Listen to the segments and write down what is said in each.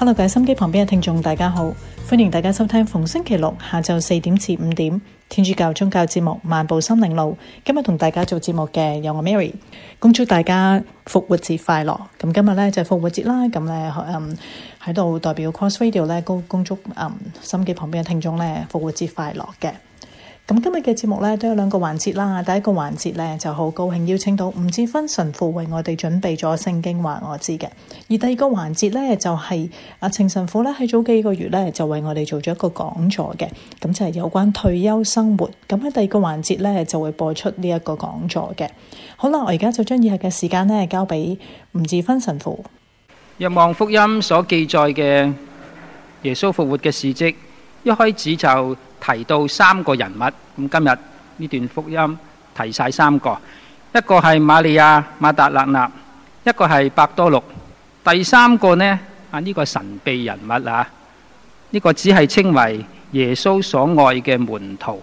hello，各位心機旁邊嘅聽眾大家好，歡迎大家收聽逢星期六下晝四點至五點天主教宗教節目《漫步心靈路》。今日同大家做節目嘅有我 Mary，恭祝大家復活節快樂。咁今日咧就復活節啦，咁咧嗯，喺度代表 Cross Radio 咧，高恭祝嗯心機旁邊嘅聽眾咧復活節快樂嘅。咁今日嘅節目呢都有兩個環節啦，第一個環節呢，就好高興邀請到吳志芬神父為我哋準備咗聖經話我知嘅，而第二個環節呢，就係、是、阿、啊、程神父呢，喺早幾個月呢，就為我哋做咗一個講座嘅，咁就係有關退休生活，咁喺第二個環節呢，就會播出呢一個講座嘅。好啦，我而家就將以下嘅時間呢，交俾吳志芬神父，仰望福音所記載嘅耶穌復活嘅事蹟。一開始就提到三個人物，咁今日呢段福音提晒三個，一個係瑪利亞、馬達勒娜，一個係伯多祿，第三個呢？啊，呢個神秘人物啊，呢個只係稱為耶穌所愛嘅門徒。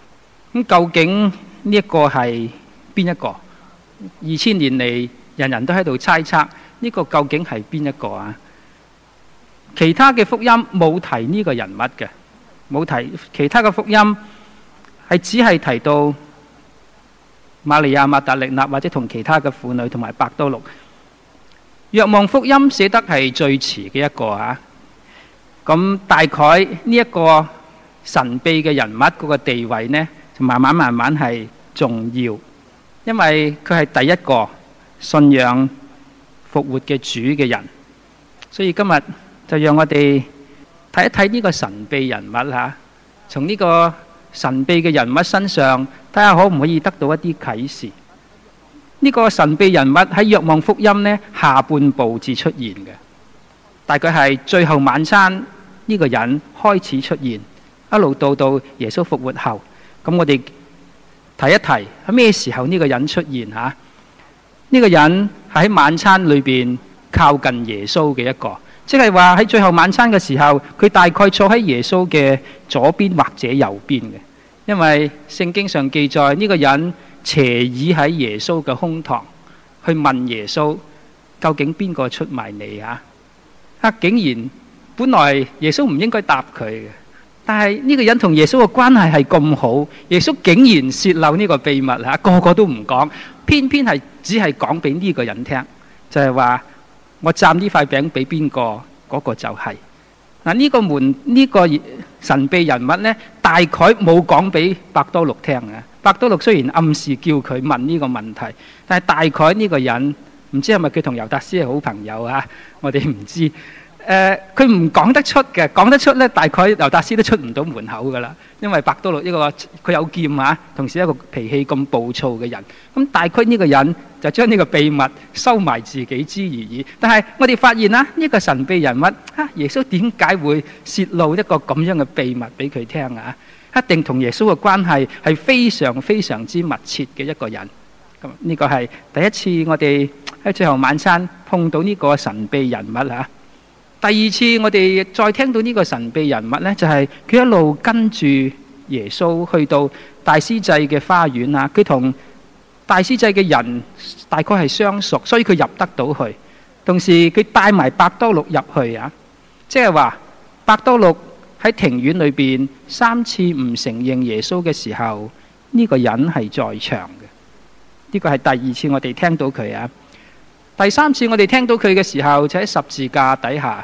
咁究竟呢一個係邊一個？二千年嚟，人人都喺度猜測呢個究竟係邊一個啊？其他嘅福音冇提呢個人物嘅。冇提其他嘅福音，係只係提到瑪利亞、馬達力納或者同其他嘅婦女同埋伯多祿。若望福音寫得係最遲嘅一個吓，咁、啊、大概呢一個神秘嘅人物嗰個地位呢，就慢慢慢慢係重要，因為佢係第一個信仰復活嘅主嘅人，所以今日就讓我哋。睇一睇呢個神秘人物吓，從呢個神秘嘅人物身上睇下可唔可以得到一啲啟示。呢個神秘人物喺《若望福音》呢下半部至出現嘅，大概係最後晚餐呢個人開始出現，一路到到耶穌復活後，咁我哋睇一睇喺咩時候呢個人出現吓？呢個人係喺晚餐裏邊靠近耶穌嘅一個。即係話喺最後晚餐嘅時候，佢大概坐喺耶穌嘅左邊或者右邊嘅，因為聖經上記載呢個人斜倚喺耶穌嘅胸膛，去問耶穌究竟邊個出賣你啊？啊！竟然本來耶穌唔應該答佢嘅，但係呢個人同耶穌嘅關係係咁好，耶穌竟然洩漏呢個秘密吓、啊，個個都唔講，偏偏係只係講俾呢個人聽，就係話。我站呢塊餅俾邊個？嗰、那個就係、是、嗱，呢、啊、這個門呢、這個神秘人物呢，大概冇講俾伯多祿聽啊。伯多祿雖然暗示叫佢問呢個問題，但係大概呢個人唔知係咪佢同猶達斯係好朋友啊？我哋唔知道。誒，佢唔講得出嘅，講得出呢，大概猶達斯都出唔到門口㗎喇。因為伯多祿呢個佢有劍啊，同時一個脾氣咁暴躁嘅人，咁、嗯、大概呢個人就將呢個秘密收埋自己知而已。但係我哋發現啦，呢、這個神秘人物、啊、耶穌點解會泄露一個咁樣嘅秘密俾佢聽啊？一定同耶穌嘅關係係非常非常之密切嘅一個人。咁、嗯、呢、這個係第一次我哋喺最後晚餐碰到呢個神秘人物啊。第二次我哋再聽到呢個神秘人物呢就係、是、佢一路跟住耶穌去到大司祭嘅花園啊。佢同大司祭嘅人大概係相熟，所以佢入得到去。同時佢帶埋伯多祿入去啊，即係話伯多祿喺庭院裏面三次唔承認耶穌嘅時候，呢、這個人係在場嘅。呢、這個係第二次我哋聽到佢啊。第三次我哋聽到佢嘅時候，就喺、是、十字架底下。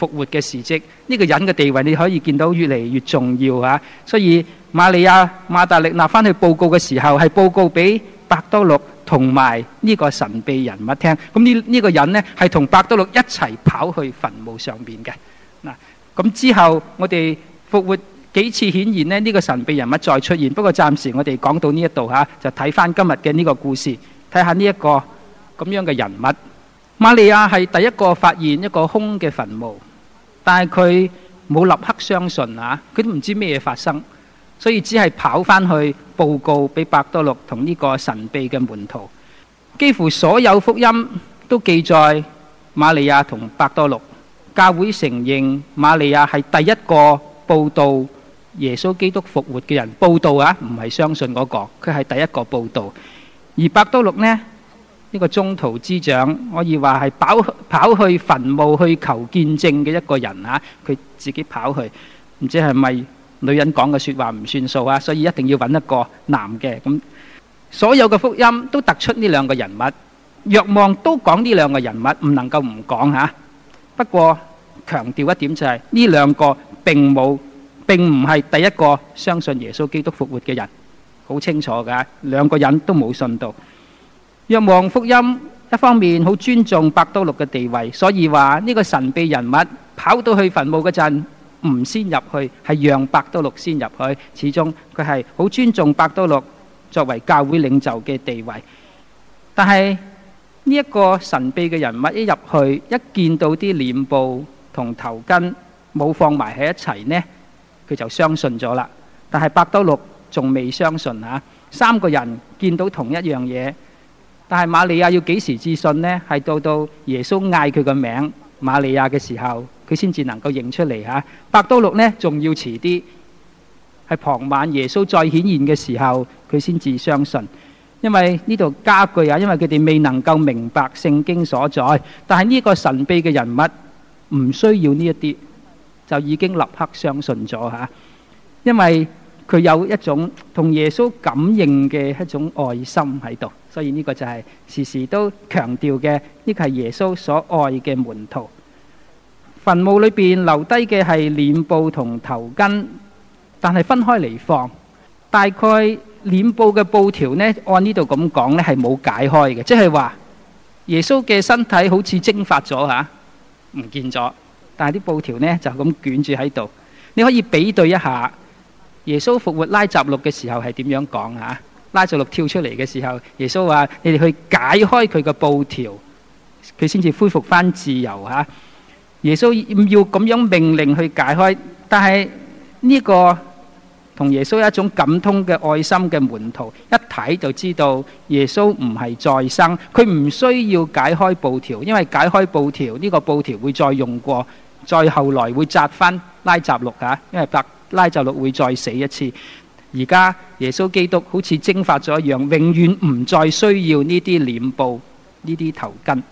復活嘅事蹟，呢、這個人嘅地位你可以見到越嚟越重要啊，所以瑪利亞、馬大力納翻去報告嘅時候，係報告俾伯多祿同埋呢個神秘人物聽。咁呢呢個人呢，係同伯多祿一齊跑去墳墓上邊嘅嗱。咁之後我哋復活幾次顯現呢？呢、這個神秘人物再出現。不過暫時我哋講到呢一度吓，就睇翻今日嘅呢個故事，睇下呢一個咁樣嘅人物。瑪利亞係第一個發現一個空嘅墳墓。但係佢冇立刻相信啊！佢都唔知咩嘢發生，所以只係跑返去報告俾伯多祿同呢個神秘嘅門徒。幾乎所有福音都記載瑪利亞同伯多祿，教會承認瑪利亞係第一個報導耶穌基督復活嘅人。報導啊，唔係相信嗰、那個，佢係第一個報導。而伯多祿呢？呢個中途之長，可以話係跑跑去墳墓去求見證嘅一個人啊！佢自己跑去，唔知係咪女人講嘅説話唔算數啊？所以一定要揾一個男嘅。咁所有嘅福音都突出呢兩個人物，若望都講呢兩個人物，唔能夠唔講吓。不過強調一點就係呢兩個並冇並唔係第一個相信耶穌基督復活嘅人，好清楚㗎。兩個人都冇信道。若望福音一方面好尊重伯多祿嘅地位，所以話呢個神秘人物跑到去墳墓嗰陣，唔先入去，係讓伯多祿先入去。始終佢係好尊重伯多祿作為教會領袖嘅地位。但係呢一個神秘嘅人物一入去，一見到啲臉部同頭巾冇放埋喺一齊呢，佢就相信咗啦。但係伯多祿仲未相信啊。三個人見到同一樣嘢。但係瑪利亞要幾時自信呢？係到到耶穌嗌佢個名瑪利亞嘅時候，佢先至能夠認出嚟吓、啊。伯多祿咧仲要遲啲，係傍晚耶穌再顯現嘅時候，佢先至相信。因為呢度加句啊，因為佢哋未能夠明白聖經所在。但係呢個神秘嘅人物唔需要呢一啲，就已經立刻相信咗吓、啊，因為。佢有一種同耶穌感應嘅一種愛心喺度，所以呢個就係時時都強調嘅，呢個係耶穌所愛嘅門徒。墳墓裏邊留低嘅係臉布同頭巾，但係分開嚟放。大概臉布嘅布條呢，按呢度咁講呢，係冇解開嘅，即係話耶穌嘅身體好似蒸發咗嚇，唔見咗，但係啲布條呢，就咁捲住喺度。你可以比對一下。耶穌復活拉撒路嘅時候係點樣講啊？拉撒路跳出嚟嘅時候，耶穌話：你哋去解開佢個布條，佢先至恢復翻自由嚇。耶穌唔要咁樣命令去解開，但係呢個同耶穌一種感通嘅愛心嘅門徒一睇就知道，耶穌唔係再生，佢唔需要解開布條，因為解開布條呢個布條會再用過，再後來會紮翻拉撒路嚇，因為得。拉就六會再死一次，而家耶穌基督好似蒸發咗一樣，永遠唔再需要呢啲臉布、呢啲頭巾，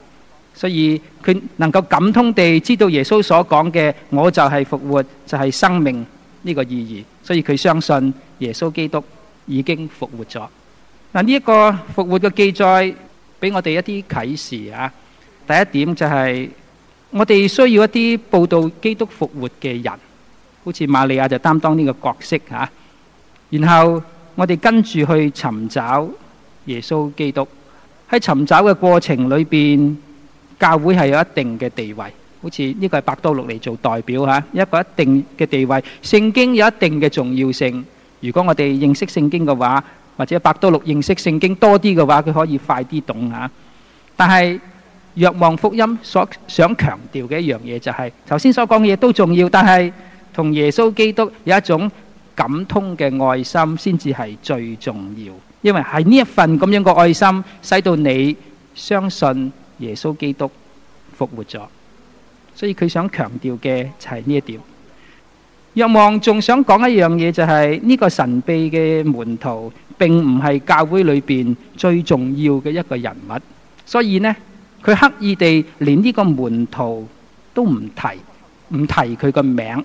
所以佢能夠感通地知道耶穌所講嘅我就係復活，就係、是、生命呢個意義，所以佢相信耶穌基督已經復活咗。嗱、啊、呢、這個、一個復活嘅記載俾我哋一啲啟示啊，第一點就係、是、我哋需要一啲報道基督復活嘅人。好似瑪利亞就擔當呢個角色吓、啊，然後我哋跟住去尋找耶穌基督，喺尋找嘅過程裏邊，教會係有一定嘅地位。好似呢個係伯多祿嚟做代表吓、啊，一個一定嘅地位。聖經有一定嘅重要性。如果我哋認識聖經嘅話，或者伯多祿認識聖經多啲嘅話，佢可以快啲懂吓、啊。但係，若望福音所想強調嘅一樣嘢就係、是，頭先所講嘅嘢都重要，但係。同耶穌基督有一種感通嘅愛心，先至係最重要。因為係呢一份咁樣嘅愛心，使到你相信耶穌基督復活咗。所以佢想強調嘅就係呢一點。若望仲想講一樣嘢，就係呢個神秘嘅門徒，並唔係教會裏邊最重要嘅一個人物。所以呢，佢刻意地連呢個門徒都唔提，唔提佢個名。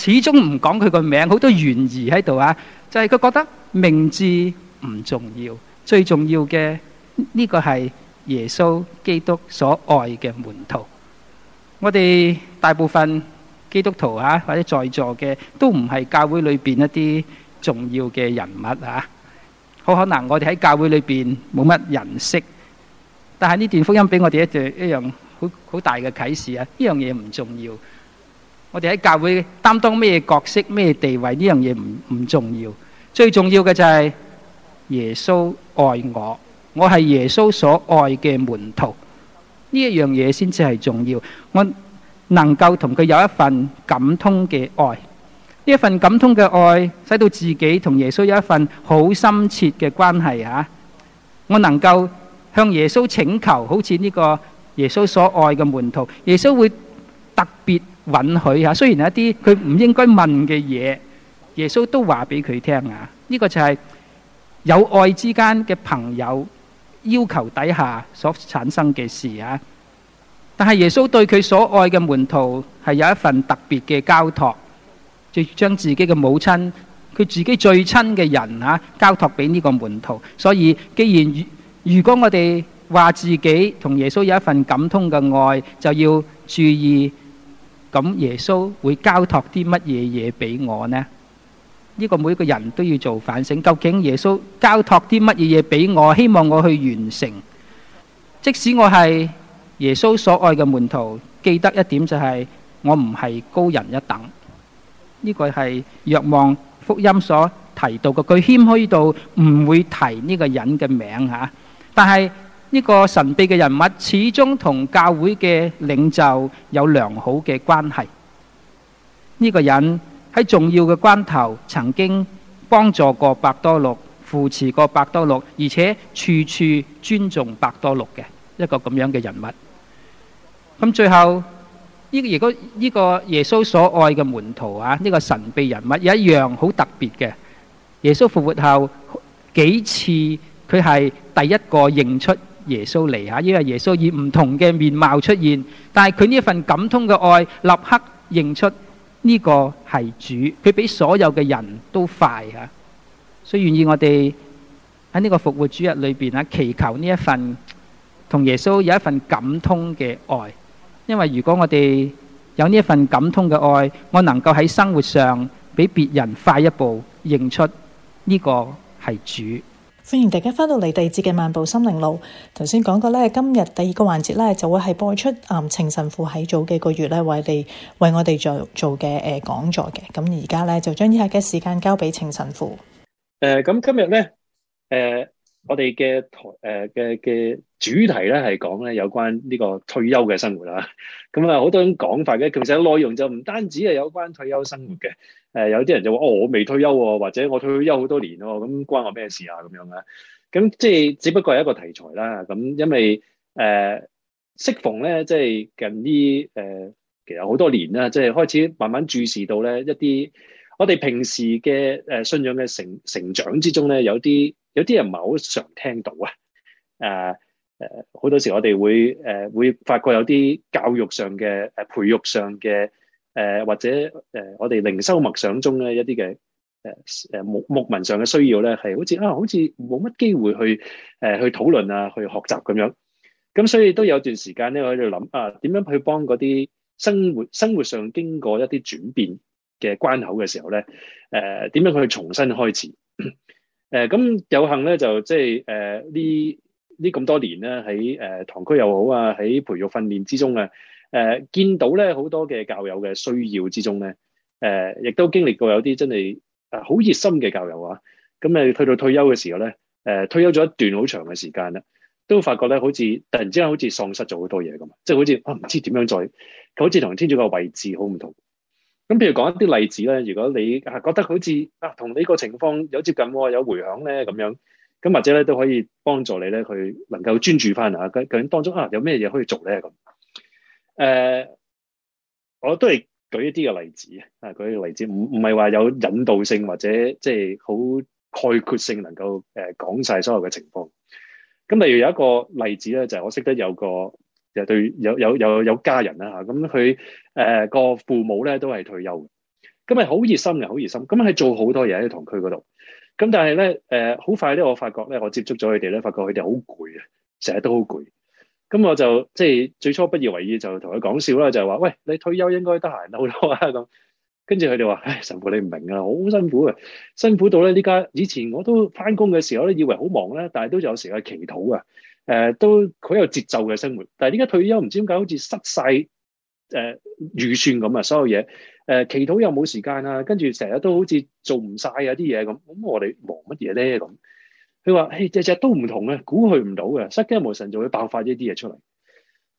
始終唔講佢個名，好多懸疑喺度啊！就係佢覺得名字唔重要，最重要嘅呢個係耶穌基督所愛嘅門徒。我哋大部分基督徒啊，或者在座嘅都唔係教會裏邊一啲重要嘅人物啊，好可能我哋喺教會裏邊冇乜人識。但係呢段福音俾我哋一對一樣好好大嘅啟示啊！呢樣嘢唔重要。我哋喺教會擔當咩角色，咩地位，呢樣嘢唔唔重要，最重要嘅就係耶穌愛我，我係耶穌所愛嘅門徒呢一樣嘢先至係重要。我能夠同佢有一份感通嘅愛，呢一份感通嘅愛使到自己同耶穌有一份好深切嘅關係啊！我能夠向耶穌請求，好似呢個耶穌所愛嘅門徒，耶穌會特別。允許吓，雖然一啲佢唔應該問嘅嘢，耶穌都話俾佢聽啊。呢個就係有愛之間嘅朋友要求底下所產生嘅事啊。但係耶穌對佢所愛嘅門徒係有一份特別嘅交託，就將自己嘅母親，佢自己最親嘅人啊，交託俾呢個門徒。所以，既然如如果我哋話自己同耶穌有一份感通嘅愛，就要注意。咁耶穌會交託啲乜嘢嘢俾我呢？呢個每個人都要做反省，究竟耶穌交託啲乜嘢嘢俾我，希望我去完成。即使我係耶穌所愛嘅門徒，記得一點就係我唔係高人一等。呢個係若望福音所提到嘅，佢謙虛到唔會提呢個人嘅名吓，但係。呢個神秘嘅人物始終同教會嘅領袖有良好嘅關係。呢、這個人喺重要嘅關頭曾經幫助過伯多祿，扶持過伯多祿，而且處處尊重伯多祿嘅一個咁樣嘅人物。咁、嗯、最後如果呢個耶穌所愛嘅門徒啊，呢、這個神秘人物有一樣好特別嘅，耶穌復活後幾次佢係第一個認出。耶穌嚟吓，因為耶穌以唔同嘅面貌出現，但係佢呢一份感通嘅愛，立刻認出呢個係主。佢比所有嘅人都快吓，所以願意我哋喺呢個復活主日裏邊啊，祈求呢一份同耶穌有一份感通嘅愛。因為如果我哋有呢一份感通嘅愛，我能夠喺生活上比別人快一步認出呢個係主。歡迎大家翻到嚟地節嘅漫步心靈路。頭先講過咧，今日第二個環節咧，就會係播出啊，情、呃、神父喺早幾個月咧為嚟為我哋做做嘅，誒、呃、講座嘅。咁而家咧就將以下嘅時間交俾情神父。誒、呃，咁今日咧，誒、呃。我哋嘅台誒嘅嘅主題咧係講咧有關呢個退休嘅生活啦，咁啊好多種講法嘅，其實內容就唔單止係有關退休生活嘅。誒、呃、有啲人就話哦，我未退休喎，或者我退休好多年咯，咁關我咩事啊？咁樣咧，咁即係只不過係一個題材啦。咁因為誒，適、呃、逢咧即係近呢，誒、呃，其實好多年啦，即係開始慢慢注視到咧一啲我哋平時嘅誒、呃、信仰嘅成成長之中咧有啲。有啲人唔係好常聽到啊！誒誒，好多時我哋會誒、啊、會發覺有啲教育上嘅誒培育上嘅誒、啊、或者誒、啊、我哋靈修默想中嘅一啲嘅誒誒牧牧民上嘅需要咧，係好似啊，好似冇乜機會去誒、啊、去討論啊，去學習咁樣。咁所以都有段時間咧，我喺度諗啊，點樣去幫嗰啲生活生活上經過一啲轉變嘅關口嘅時候咧？誒、啊、點樣去重新開始？誒咁、呃、有幸咧，就即係誒呢呢咁多年咧，喺誒、呃、堂區又好啊，喺培育訓練之中啊，誒、呃、見到咧好多嘅教友嘅需要之中咧，誒、呃、亦都經歷過有啲真係啊好熱心嘅教友啊，咁誒去到退休嘅時候咧，誒、呃、退休咗一段好長嘅時間啦，都發覺咧好似突然之間好似喪失咗、就是、好多嘢咁啊，即係好似啊唔知點樣再，好似同天主教嘅位置好唔同。咁譬如講一啲例子咧，如果你係覺得好似啊同呢個情況有接近，有回響咧咁樣，咁或者咧都可以幫助你咧，去能夠專注翻啊。究竟當中啊，有咩嘢可以做咧咁？誒，uh, 我都係舉一啲嘅例子啊，舉一個例子，唔唔係話有引導性或者即係好概括性能夠，能夠誒講晒所有嘅情況。咁例如有一個例子咧，就係、我識得有個。就對有有有有家人啦吓，咁佢誒個父母咧都係退休的，咁係好熱心嘅，好熱心，咁佢做好多嘢喺同區嗰度，咁但係咧誒好快咧，我發覺咧，我接觸咗佢哋咧，發覺佢哋好攰啊，成日都好攰，咁我就即係最初不以為意，就同佢講笑啦，就係話喂，你退休應該得閒好多啊咁，跟住佢哋話唉，神父你唔明啊，好辛苦啊，辛苦到咧呢家以前我都翻工嘅時候咧以為好忙咧，但係都有時去祈禱啊。誒、呃，都好有節奏嘅生活，但係點解退休唔知點解好似失晒誒、呃、預算咁、呃、啊？所有嘢誒祈禱又冇時間啦，跟住成日都好似做唔晒啊啲嘢咁，咁我哋忙乜嘢咧咁？佢話誒隻隻都唔同嘅，估佢唔到嘅，失驚無神就會爆發一啲嘢出嚟。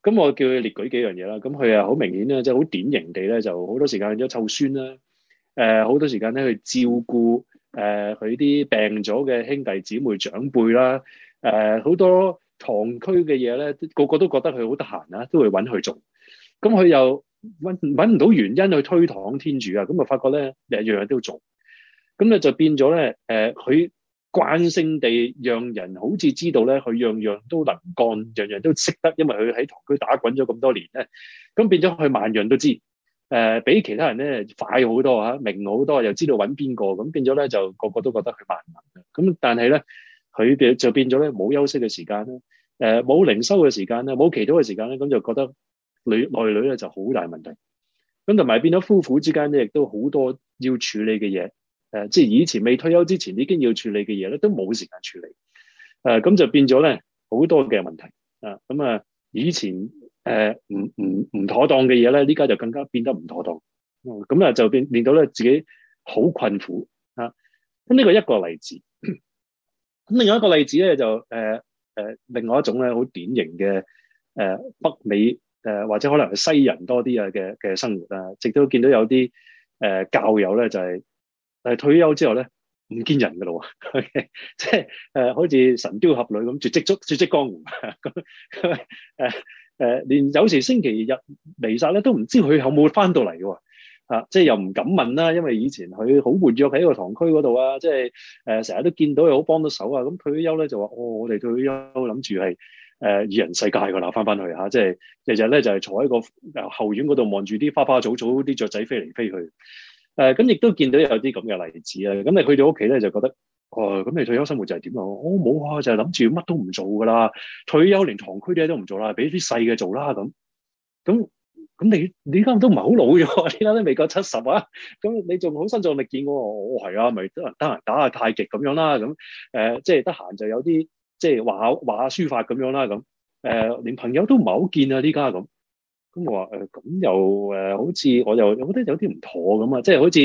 咁我叫佢列舉幾樣嘢啦，咁佢啊好明顯咧，即係好典型地咧，就好多時間都湊孫啦，誒、呃、好多時間咧去照顧誒佢啲病咗嘅兄弟姊妹長輩啦，誒、呃、好多。堂區嘅嘢咧，個個都覺得佢好得閒啦，都會揾佢做。咁佢又揾揾唔到原因去推搪天主啊！咁啊，發覺咧，日樣樣都做，咁咧就變咗咧，誒、呃、佢慣性地讓人好似知道咧，佢樣樣都能幹，樣樣都識得，因為佢喺堂區打滾咗咁多年咧，咁變咗佢萬樣都知道。誒、呃，比其他人咧快好多嚇，明好多，又知道揾邊個，咁變咗咧就個個都覺得佢萬能啊！咁但係咧。佢就就變咗咧，冇休息嘅時間，誒，冇靈修嘅時間，冇其他嘅時間咧，咁就覺得女內女咧就好大問題。咁同埋變咗夫婦之間咧，亦都好多要處理嘅嘢，誒，即係以前未退休之前已經要處理嘅嘢咧，都冇時間處理。誒，咁就變咗咧好多嘅問題。啊咁啊，以前誒唔唔唔妥當嘅嘢咧，而家就更加變得唔妥當。咁啊就變變到咧自己好困苦啊。咁呢個一個例子。咁另外一個例子咧，就誒、呃、另外一種咧，好典型嘅誒、呃、北美誒、呃、或者可能係西人多啲啊嘅嘅生活，直到都見到有啲誒、呃、教友咧，就係、是、誒退休之後咧唔見人噶喇喎，即係誒好似神雕俠侶咁絕跡足絕跡江湖咁誒誒，連有時星期日彌撒咧都唔知佢有冇翻到嚟喎。啊、即係又唔敢問啦，因為以前佢好活躍喺個堂區嗰度啊，即係誒成日都見到佢好幫到手啊。咁退休咧就話、哦：我我哋退休諗住係誒二人世界㗎啦，翻翻去吓，即係日日咧就係、是就是、坐喺個後院嗰度望住啲花花草草、啲雀仔飛嚟飛去。誒咁亦都見到有啲咁嘅例子啊。咁你去到屋企咧就覺得，哦咁你退休生活就係點啊？我、哦、冇啊，就係諗住乜都唔做㗎啦。退休連堂區啲嘢都唔做啦，俾啲細嘅做啦咁。咁咁你你而家都唔係好老咗，你而家都，都未夠七十啊！咁你仲好身壯力健喎，我係啊，咪得得閒打下太極咁樣啦，咁、呃、即係得閒就有啲即係畫畫書法咁樣啦，咁誒、呃、連朋友都唔係、呃呃、好見啊，呢家咁。咁我話誒咁又好似我又覺得有啲唔妥咁啊，即係好似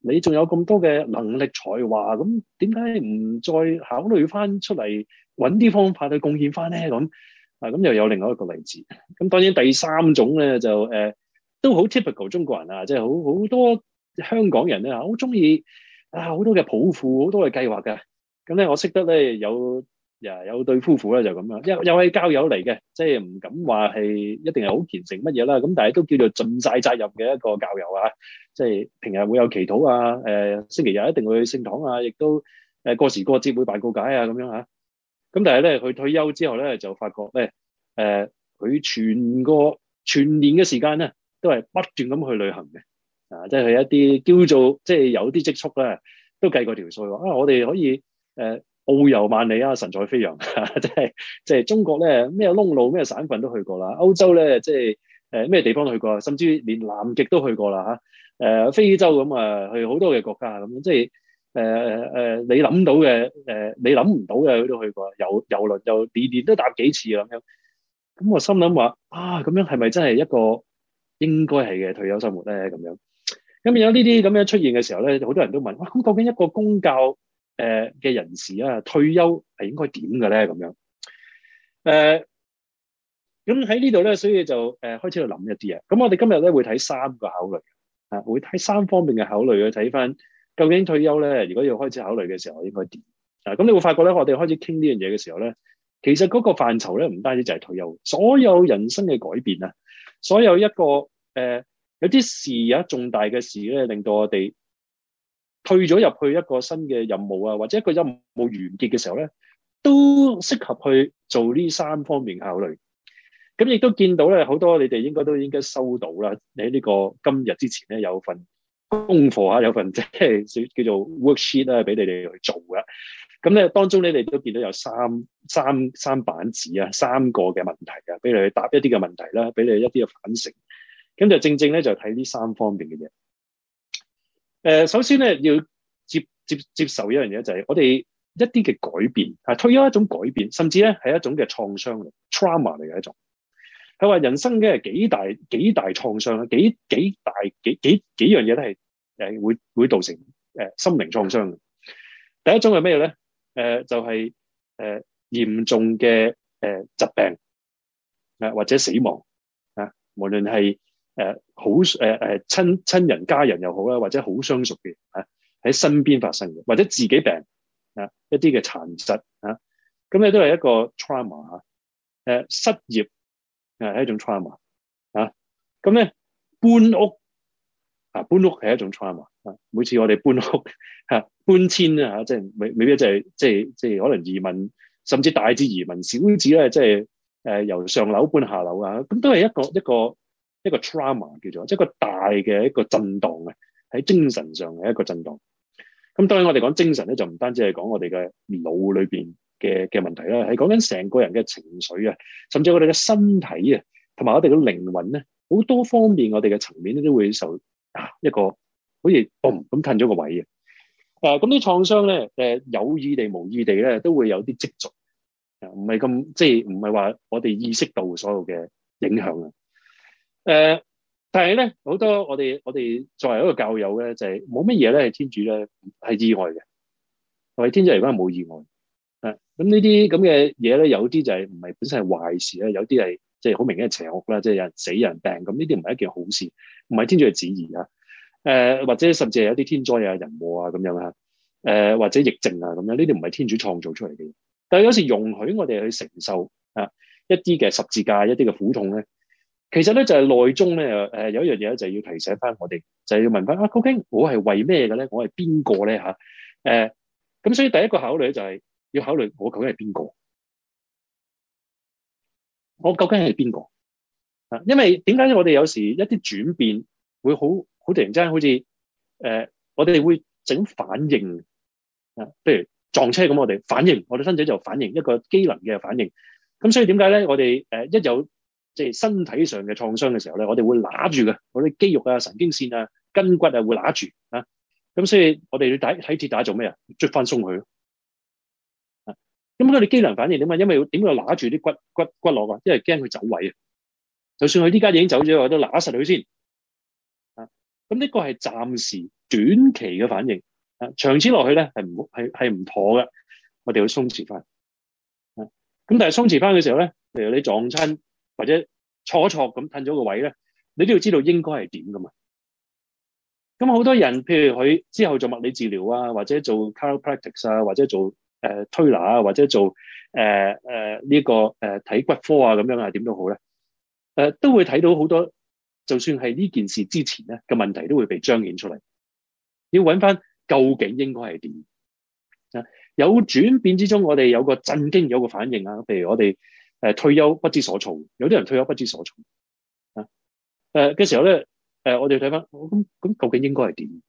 你仲有咁多嘅能力才華，咁點解唔再考慮翻出嚟揾啲方法去貢獻翻咧咁？咁、嗯、又有另外一個例子。咁當然第三種咧，就誒、呃、都好 typical 中國人啊，即係好好多香港人咧，好中意啊，好、啊、多嘅抱負，好多嘅計劃㗎。咁咧，我識得咧有有對夫婦咧就咁樣因又係教友嚟嘅，即係唔敢話係一定係好虔誠乜嘢啦。咁、啊、但係都叫做盡晒責任嘅一個教友啊，即係平日會有祈禱啊，誒星期日一定會去聖堂啊，亦都誒、啊、過時過節會辦告解啊，咁樣嚇。咁但係咧，佢退休之後咧，就發覺咧，誒、呃，佢全個全年嘅時間咧，都係不斷咁去旅行嘅，啊，即係佢一啲叫做即係有啲積蓄咧，都計過條數啊，我哋可以誒遨遊萬里啊，神采飛揚，即係即係中國咧，咩窿路咩省份都去過啦，歐洲咧，即係咩地方都去過，甚至連南極都去過啦嚇，誒，非洲咁啊，去好多嘅國家咁樣，即係。誒誒、呃呃、你諗到嘅，誒、呃、你諗唔到嘅，佢都去過遊遊輪，又年年都搭幾次咁樣。咁我心諗話啊，咁樣係咪真係一個應該係嘅退休生活咧？咁樣咁有呢啲咁樣出現嘅時候咧，好多人都問，咁、啊、究竟一個公教誒嘅、呃、人士啊，退休係應該點嘅咧？咁樣誒、咁、呃、喺呢度咧，所以就誒開始去諗一啲嘢。咁我哋今日咧會睇三個考慮，啊，會睇三方面嘅考慮去睇翻。究竟退休咧，如果要開始考慮嘅時候，應該點啊？咁你會發覺咧，我哋開始傾呢樣嘢嘅時候咧，其實嗰個範疇咧，唔單止就係退休，所有人生嘅改變啊，所有一個誒、呃、有啲事啊，重大嘅事咧，令到我哋退咗入去一個新嘅任務啊，或者一個任務完結嘅時候咧，都適合去做呢三方面考慮。咁亦都見到咧，好多你哋應該都應該收到啦。你喺呢個今日之前咧，有份。功課啊，有份即係叫叫做 worksheet 啦，俾你哋去做嘅。咁咧，當中咧，你都見到有三三三版紙啊，三個嘅問題啊，俾你去答一啲嘅問題啦，俾你一啲嘅反省。咁就正正咧，就睇呢三方面嘅嘢。呃，首先咧，要接接接受一樣嘢，就係、是、我哋一啲嘅改變推退咗一種改變，甚至咧係一種嘅創傷嚟，trauma 嚟嘅一種。佢話人生嘅幾大幾大創傷咧，幾大幾幾幾樣嘢都係誒會，會造成誒心靈創傷嘅。第一種係咩咧？誒就係、是、誒嚴重嘅誒疾病啊，或者死亡啊。無論係誒好誒親，親人家人又好啦，或者好相熟嘅人喺身邊發生嘅，或者自己病啊一啲嘅殘疾啊，咁咧都係一個 trauma 嚇誒失業係一種 trauma 啊！咁咧搬屋啊，搬屋係一種 trauma 啊！每次我哋搬屋嚇、啊、搬遷啊即係未未必即係即係即係可能移民，甚至大至移民，小至咧即係由上樓搬下樓啊！咁都係一個一個一個 trauma 叫做即、即係、一個大嘅一個震盪啊，喺精神上嘅一個震盪。咁當然我哋講精神咧，就唔單止係講我哋嘅腦裏面。嘅嘅問題啦，係講緊成個人嘅情緒啊，甚至我哋嘅身體啊，同埋我哋嘅靈魂咧，好多方面我哋嘅層面咧都會受啊一個好似嘣咁褪咗個位啊。誒咁啲創傷咧，誒有意地無意地咧都會有啲積聚，唔係咁即係唔係話我哋意識到所有嘅影響啊。誒、呃，但係咧好多我哋我哋作為一個教友咧，就係冇乜嘢咧，天主咧係意外嘅，係天主嚟講係冇意外。誒，咁呢啲咁嘅嘢咧，有啲就係唔係本身係壞事咧，有啲係即係好明顯係邪惡啦，即係有人死，有人病，咁呢啲唔係一件好事，唔係天主嘅旨意啦。誒，或者甚至係有啲天災啊、人禍啊咁樣啦。誒，或者疫症啊咁樣，呢啲唔係天主創造出嚟嘅，但係有時容許我哋去承受啊，一啲嘅十字架，一啲嘅苦痛咧，其實咧就係內中咧誒，有一樣嘢咧就要提醒翻我哋，就係要問翻啊，究竟我係為咩嘅咧？我係邊個咧吓？誒，咁所以第一個考慮就係。要考慮我究竟係邊個？我究竟係邊個？啊，因為點解咧？我哋有時一啲轉變會好好突然間，好似誒，我哋會整反應啊，譬如撞車咁，我哋反應，我哋身體就反應一個機能嘅反應。咁所以點解咧？我哋誒一有即係身體上嘅創傷嘅時候咧，我哋會揦住嘅，我哋肌肉啊、神經線啊、筋骨啊會揦住啊。咁所以我哋要睇睇鐵打做咩啊？捽翻鬆佢咯。咁佢哋機能反應點啊？因為要點樣拿住啲骨骨骨絡啊？因為驚佢走位啊！就算佢依家已經走咗，我都拿實佢先啊！咁呢個係暫時短期嘅反應啊！長此落去咧係唔係係唔妥嘅？我哋要鬆弛返啊！咁但係鬆弛返嘅時候咧，譬如你撞親或者錯錯咁褪咗個位咧，你都要知道應該係點㗎嘛？咁好多人譬如佢之後做物理治療啊，或者做 chiropractic 啊，或者做。誒，推拿啊，或者做誒誒呢個誒睇、呃、骨科啊，咁樣啊，點都好咧。誒，都會睇到好多，就算係呢件事之前咧嘅問題，都會被彰顯出嚟。要揾翻究竟應該係點啊？有轉變之中，我哋有個震驚，有個反應啊。譬如我哋誒退休不知所措，有啲人退休不知所措啊。誒、啊、嘅時候咧，誒、呃、我哋睇翻，咁、哦、咁究竟應該係點？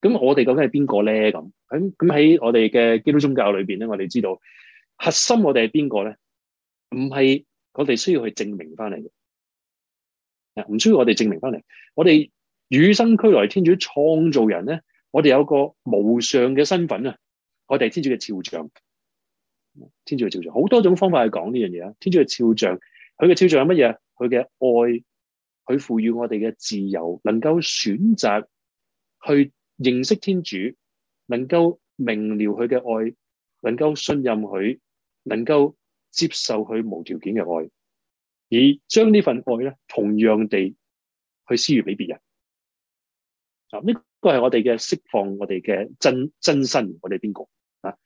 咁我哋究竟係邊個咧？咁喺咁喺我哋嘅基督宗教裏邊咧，我哋知道核心我哋係邊個咧？唔係我哋需要去證明翻嚟嘅，唔需要我哋證明翻嚟。我哋與生俱來天主創造人咧，我哋有個無上嘅身份啊！我哋係天主嘅肖像，天主嘅肖像，好多種方法去講呢樣嘢啊！天主嘅肖像，佢嘅肖像係乜嘢？佢嘅愛，佢賦予我哋嘅自由，能夠選擇去。認識天主，能夠明了佢嘅愛，能夠信任佢，能夠接受佢無條件嘅愛，而將呢份愛咧，同樣地去施予俾別人。啊，呢個係我哋嘅釋放，我哋嘅真真身，我哋邊個啊？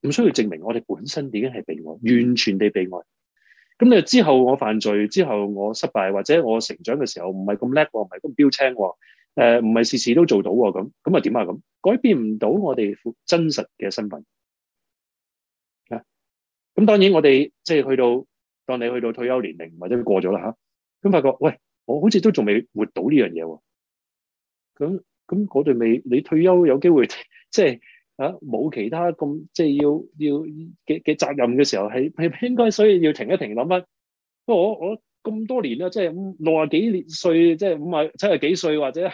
唔需要證明我哋本身已經係被愛，完全地被愛。咁你之後我犯罪，之後我失敗，或者我成長嘅時候唔係咁叻，唔係咁標青。誒，唔係事事都做到喎，咁咁啊點啊咁，改變唔到我哋真實嘅身份啊。咁當然我哋即係去到，當你去到退休年齡或者過咗啦吓，咁、啊、發覺喂，我好似都仲未活到呢樣嘢喎。咁咁我哋未，你退休有機會，即係啊冇其他咁，即係要要嘅嘅責任嘅時候，係係應該，所以要停一停諗乜。不過我我。咁多年啦，即係六十幾年歲，即係五啊七十幾歲，或者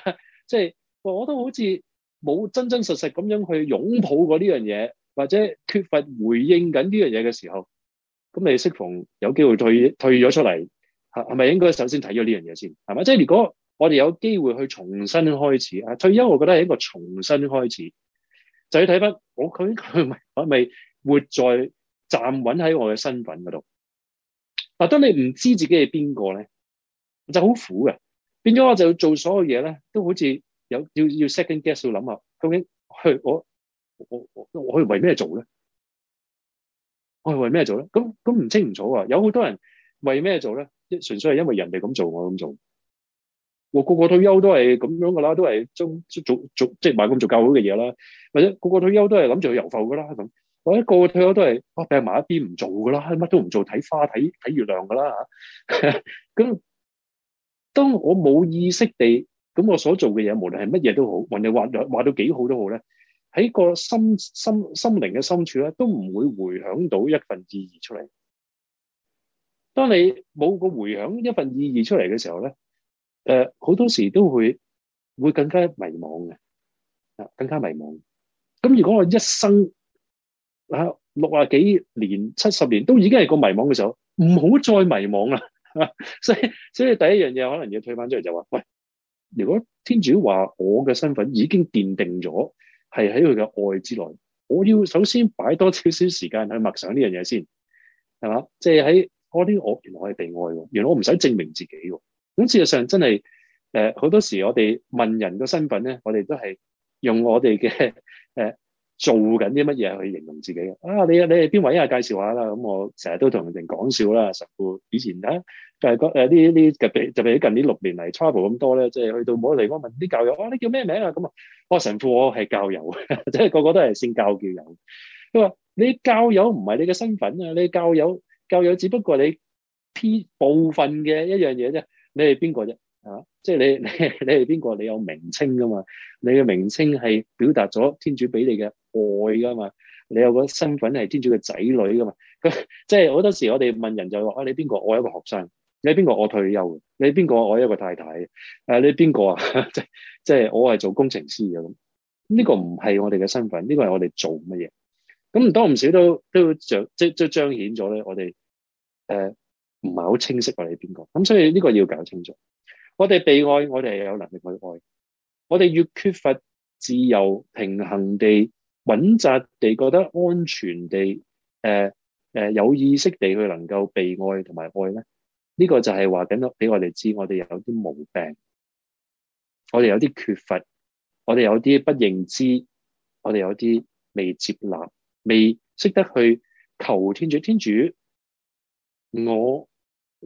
即係我都好似冇真真實實咁樣去擁抱過呢樣嘢，或者缺乏回應緊呢樣嘢嘅時候，咁你適逢有機會退退咗出嚟，係咪應該首先睇咗呢樣嘢先？係咪？即係如果我哋有機會去重新開始啊，退休我覺得係一個重新開始，就要睇翻我究竟佢係咪活在站穩喺我嘅身份嗰度。嗱，當你唔知自己係邊個咧，就好苦嘅。變咗我就做所有嘢咧，都好似有要要 second guess 要諗下究竟係我我我我係為咩做咧？我係為咩做咧？咁咁唔清唔楚啊！有好多人為咩做咧？純粹係因為人哋咁做，我咁做。我個個退休都係咁樣噶啦，都係做做做即係埋咁做教好嘅嘢啦，或者個個退休都係諗住去遊埠噶啦咁。我一個個退休都係，我病埋一邊唔做噶啦，乜都唔做，睇花睇睇月亮噶啦吓。咁當我冇意識地咁，我所做嘅嘢無論係乜嘢都好，或者畫畫到幾好都好咧，喺個心心心靈嘅深處咧，都唔會回響到一份意義出嚟。當你冇個回響一份意義出嚟嘅時候咧，誒，好多時都會會更加迷惘嘅，啊，更加迷惘。咁如果我一生六啊幾年，七十年都已經係個迷惘嘅時候，唔好再迷惘啦！所以，所以第一樣嘢可能要退翻出嚟，就話、是：，喂，如果天主話我嘅身份已經奠定咗，係喺佢嘅愛之內，我要首先擺多少少時間去默想呢樣嘢先，係嘛？即係喺嗰啲我原來係被愛，原來我唔使證明自己的。咁事實上真係，誒、呃，好多時我哋問人嘅身份咧，我哋都係用我哋嘅，誒、呃。做緊啲乜嘢去形容自己啊，你啊，你係邊位啊？介紹下啦。咁、嗯、我成日都同人哋講笑啦，神父以前咧就係講呢呢比就近呢六年嚟 travel 咁多咧，即係去到每個地方問啲教友，哇、啊，你叫咩名啊？咁、嗯、啊、哦，我神父我係教友，即係個個都係先教叫友。佢話你教友唔係你嘅身份啊，你教友，你你教，友教友只不過你偏部分嘅一樣嘢啫，你係邊個啫？啊！即係你你你係邊個？你有名稱噶嘛？你嘅名稱係表達咗天主俾你嘅愛噶嘛？你有個身份係天主嘅仔女噶嘛？咁即係好多時我哋問人就話：，啊，你邊個？我係一個學生。你邊個？我退休嘅。你邊個？我一個太太。誒、啊，你邊個啊？即係即係我係做工程師嘅咁。呢個唔係我哋嘅身份，呢、這個係我哋做乜嘢。咁唔多唔少都都著即即彰顯咗咧，我哋誒唔係好清晰話、啊、你邊個。咁所以呢個要搞清楚。我哋被愛，我哋有能力去愛。我哋越缺乏自由、平衡地、穩紮地、覺得安全地、誒、呃、誒、呃，有意識地去能夠被愛同埋愛咧，呢、這個就係話緊俾我哋知，我哋有啲毛病，我哋有啲缺乏，我哋有啲不認知，我哋有啲未接納，未識得去求天主。天主，我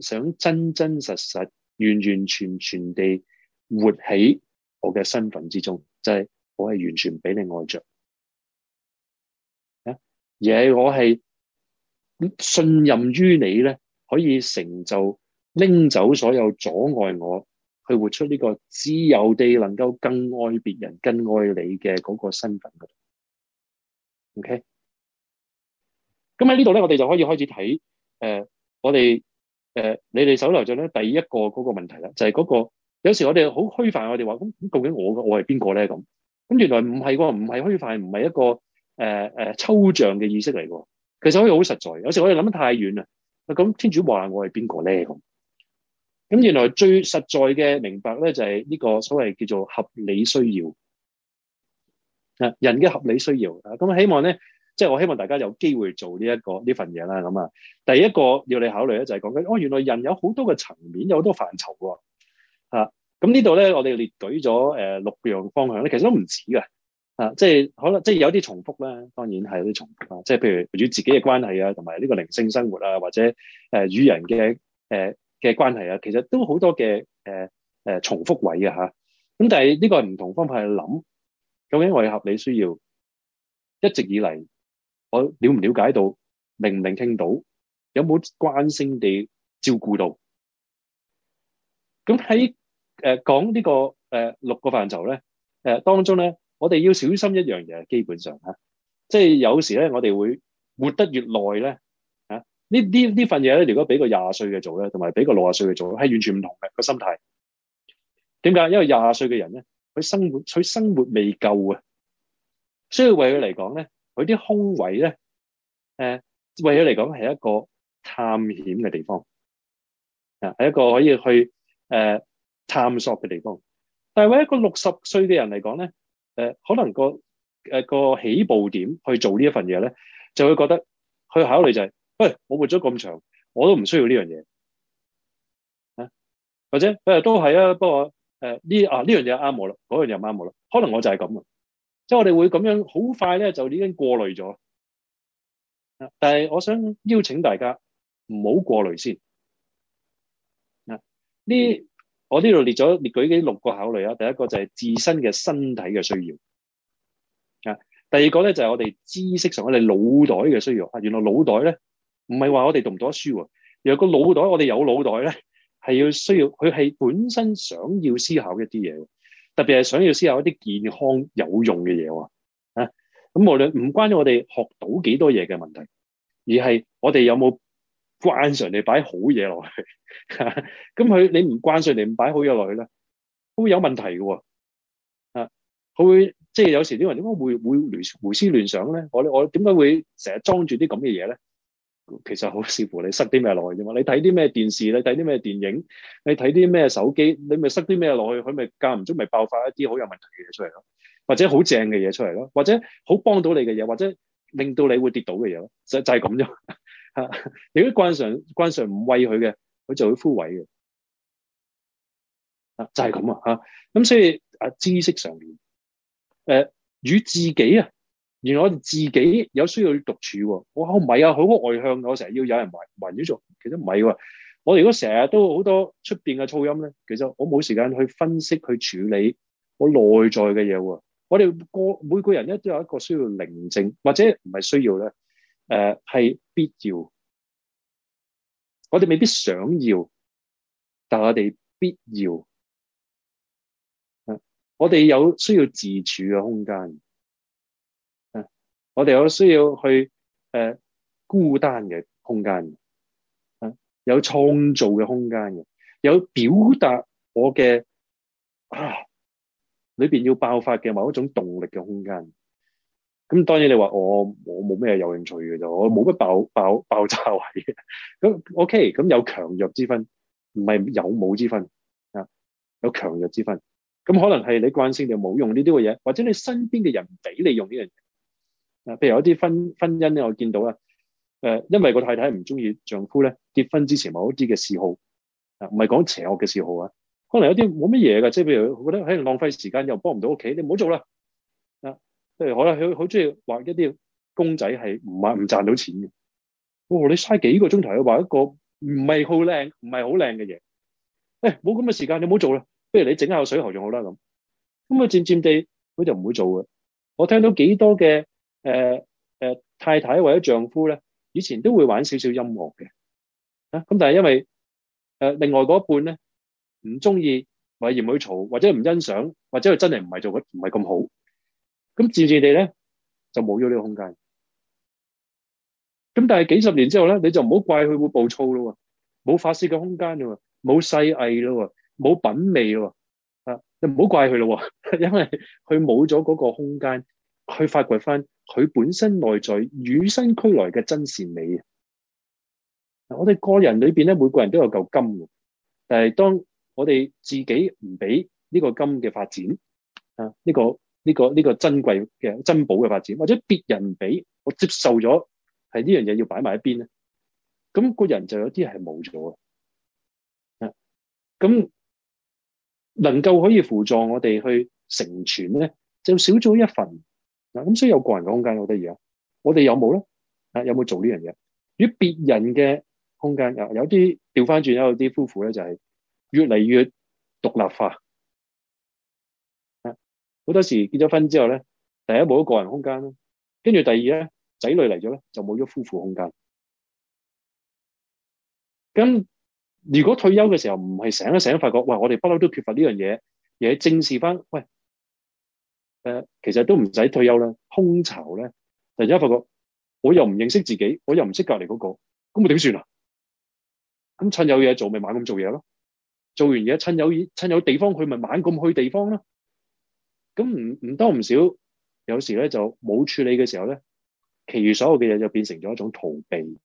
想真真實實。完完全全地活喺我嘅身份之中，就係、是、我係完全唔俾你愛着啊，而係我係信任於你咧，可以成就拎走所有阻礙我去活出呢個自由地，能夠更愛別人、更愛你嘅嗰個身份嘅。OK，咁喺呢度咧，我哋就可以開始睇、誒、呃，我哋。誒，你哋手留着咧，第一個嗰個問題啦，就係嗰個，有時我哋好虛泛，我哋話咁，究竟我嘅我係邊個咧咁？咁原來唔係噶，唔係虛泛，唔係一個誒誒、呃、抽象嘅意識嚟噶。其實可以好實在，有時我哋諗得太遠啦。咁天主話我係邊個咧咁？咁原來最實在嘅明白咧，就係呢個所謂叫做合理需要啊，人嘅合理需要啊。咁希望咧。即係我希望大家有機會做呢一個呢份嘢啦，咁啊，第一個要你考慮咧就係講緊，哦，原來人有好多嘅層面，有好多範疇喎、啊，咁、啊、呢度咧，我哋列舉咗誒、呃、六樣方向咧，其實都唔止嘅、啊，即係可能即係有啲重複啦，當然係有啲重複啊。即係譬如與自己嘅關係啊，同埋呢個靈性生活啊，或者誒、呃、與人嘅誒嘅關係啊，其實都好多嘅誒、呃呃、重複位嘅咁、啊、但係呢個唔同方法去諗，究竟為何你需要一直以嚟？我了唔了解到？明唔明聽到？有冇關心地照顧到？咁喺誒講呢個誒六個範疇咧，誒當中咧，我哋要小心一樣嘢，基本上嚇，即係有時咧，我哋會活得越耐咧，啊呢呢呢份嘢咧，如果俾個廿歲嘅做咧，同埋俾個六十歲嘅做咧，係完全唔同嘅個心態。點解？因為廿歲嘅人咧，佢生活佢生活未夠啊，所以為佢嚟講咧。佢啲空位咧，誒，為咗嚟講係一個探險嘅地方，啊，係一個可以去誒探索嘅地方。但係為一個六十歲嘅人嚟講咧，誒，可能個誒個起步點去做呢一份嘢咧，就會覺得去考慮就係、是，喂，我活咗咁長，我都唔需要呢樣嘢啊，或者誒都係啊，啊不過誒呢啊呢樣嘢啱我啦，嗰樣嘢啱我啦，可能我就係咁啊。即係我哋會咁樣好快咧就已經過濾咗，但係我想邀請大家唔好過濾先。啊，呢我呢度列咗列舉啲六個考慮啊。第一個就係自身嘅身體嘅需要啊。第二個咧就係我哋知識上我哋腦袋嘅需要啊。原來腦袋咧唔係話我哋讀唔到書啊。若個腦袋我哋有腦袋咧，係要需要佢係本身想要思考一啲嘢。特別係想要思考一啲健康有用嘅嘢喎，啊咁無論唔關於我哋學到幾多嘢嘅問題，而係我哋有冇慣常地擺好嘢落去，咁佢你唔慣常地唔擺好嘢落去咧，都會有問題嘅喎，啊佢會即係、就是、有時啲人點解會會胡思亂想咧？我我點解會成日裝住啲咁嘅嘢咧？其實好視乎你塞啲咩落去啫嘛，你睇啲咩電視，你睇啲咩電影，你睇啲咩手機，你咪塞啲咩落去，佢咪間唔中咪爆發一啲好有問題嘅嘢出嚟咯，或者好正嘅嘢出嚟咯，或者好幫到你嘅嘢，或者令到你會跌倒嘅嘢咯，就就係咁啫。吓， 如果慣常慣常唔喂佢嘅，佢就會枯萎嘅。就是、啊，就係咁啊，吓，咁所以啊，知識上面，誒、呃，與自己啊。原來我哋自己有需要獨處喎，我唔係啊，好外向，我成日要有人圍圍繞住做，其實唔係喎。我哋如果成日都好多出邊嘅噪音咧，其實我冇時間去分析去處理我內在嘅嘢喎。我哋每個人咧都有一個需要寧靜，或者唔係需要咧，誒係必要。我哋未必想要，但係我哋必要。我哋有需要自處嘅空間。我哋有需要去誒、呃、孤單嘅空間，啊、有創造嘅空間嘅，有表達我嘅啊裏邊要爆發嘅某一種動力嘅空間。咁當然你話我我冇咩有興趣嘅啫，我冇乜爆爆爆炸位嘅。咁 OK，咁有強弱之分，唔係有冇之分啊，有強弱之分。咁可能係你慣性你冇用呢啲嘅嘢，或者你身邊嘅人唔俾你用呢樣嘢。啊，譬如有啲婚婚姻咧，我見到啦，誒，因為個太太唔中意丈夫咧，結婚之前某一啲嘅嗜好，啊，唔係講邪惡嘅嗜好啊，可能有啲冇乜嘢噶，即係譬如覺得喺度浪費時間，又幫唔到屋企，你唔好做啦，啊，譬如可能佢好中意畫一啲公仔，係唔賺唔賺到錢嘅，哇，你嘥幾個鐘頭去畫一個唔係好靚，唔係好靚嘅嘢，誒，冇咁嘅時間，你唔好做啦，不如你整下個水喉仲好啦咁，咁佢漸漸地佢就唔會做嘅。我聽到幾多嘅。誒誒、呃呃，太太或者丈夫咧，以前都會玩少少音樂嘅，啊咁但係因為誒、啊、另外嗰半咧唔中意，或者嫌佢嘈，或者唔欣賞，或者佢真係唔係做唔係咁好，咁自漸地咧就冇咗呢個空間。咁但係幾十年之後咧，你就唔好怪佢會暴躁咯，冇發洩嘅空間喎，冇細藝咯，冇品味咯，啊你唔好怪佢咯，因為佢冇咗嗰個空間去發掘翻。佢本身內在與生俱來嘅真善美啊！我哋個人裏邊咧，每個人都有嚿金，但係當我哋自己唔俾呢個金嘅發展啊，呢個呢個呢個珍貴嘅珍寶嘅發展，或者別人俾我接受咗，係呢樣嘢要擺埋一邊咧，咁個人就有啲係冇咗啊！咁能夠可以輔助我哋去成全咧，就少咗一份。咁所以有個人嘅空間好得意啊！我哋有冇咧？啊，有冇做呢樣嘢？與別人嘅空間啊，有啲調翻轉，有啲夫婦咧就係越嚟越獨立化啊！好多時結咗婚之後咧，第一冇咗個人空間啦，跟住第二咧，仔女嚟咗咧就冇咗夫婦空間。咁如果退休嘅時候唔係醒一醒發覺，喂，我哋不嬲都缺乏呢樣嘢，而正視翻，喂。誒，其實都唔使退休啦，空巢咧，突然間發覺我又唔認識自己，我又唔識隔籬嗰個，咁咪點算啊？咁趁有嘢做咪猛咁做嘢咯，做完嘢趁有趁有地方去咪猛咁去地方咯。咁唔唔多唔少，有時咧就冇處理嘅時候咧，其餘所有嘅嘢就變成咗一種逃避。誒、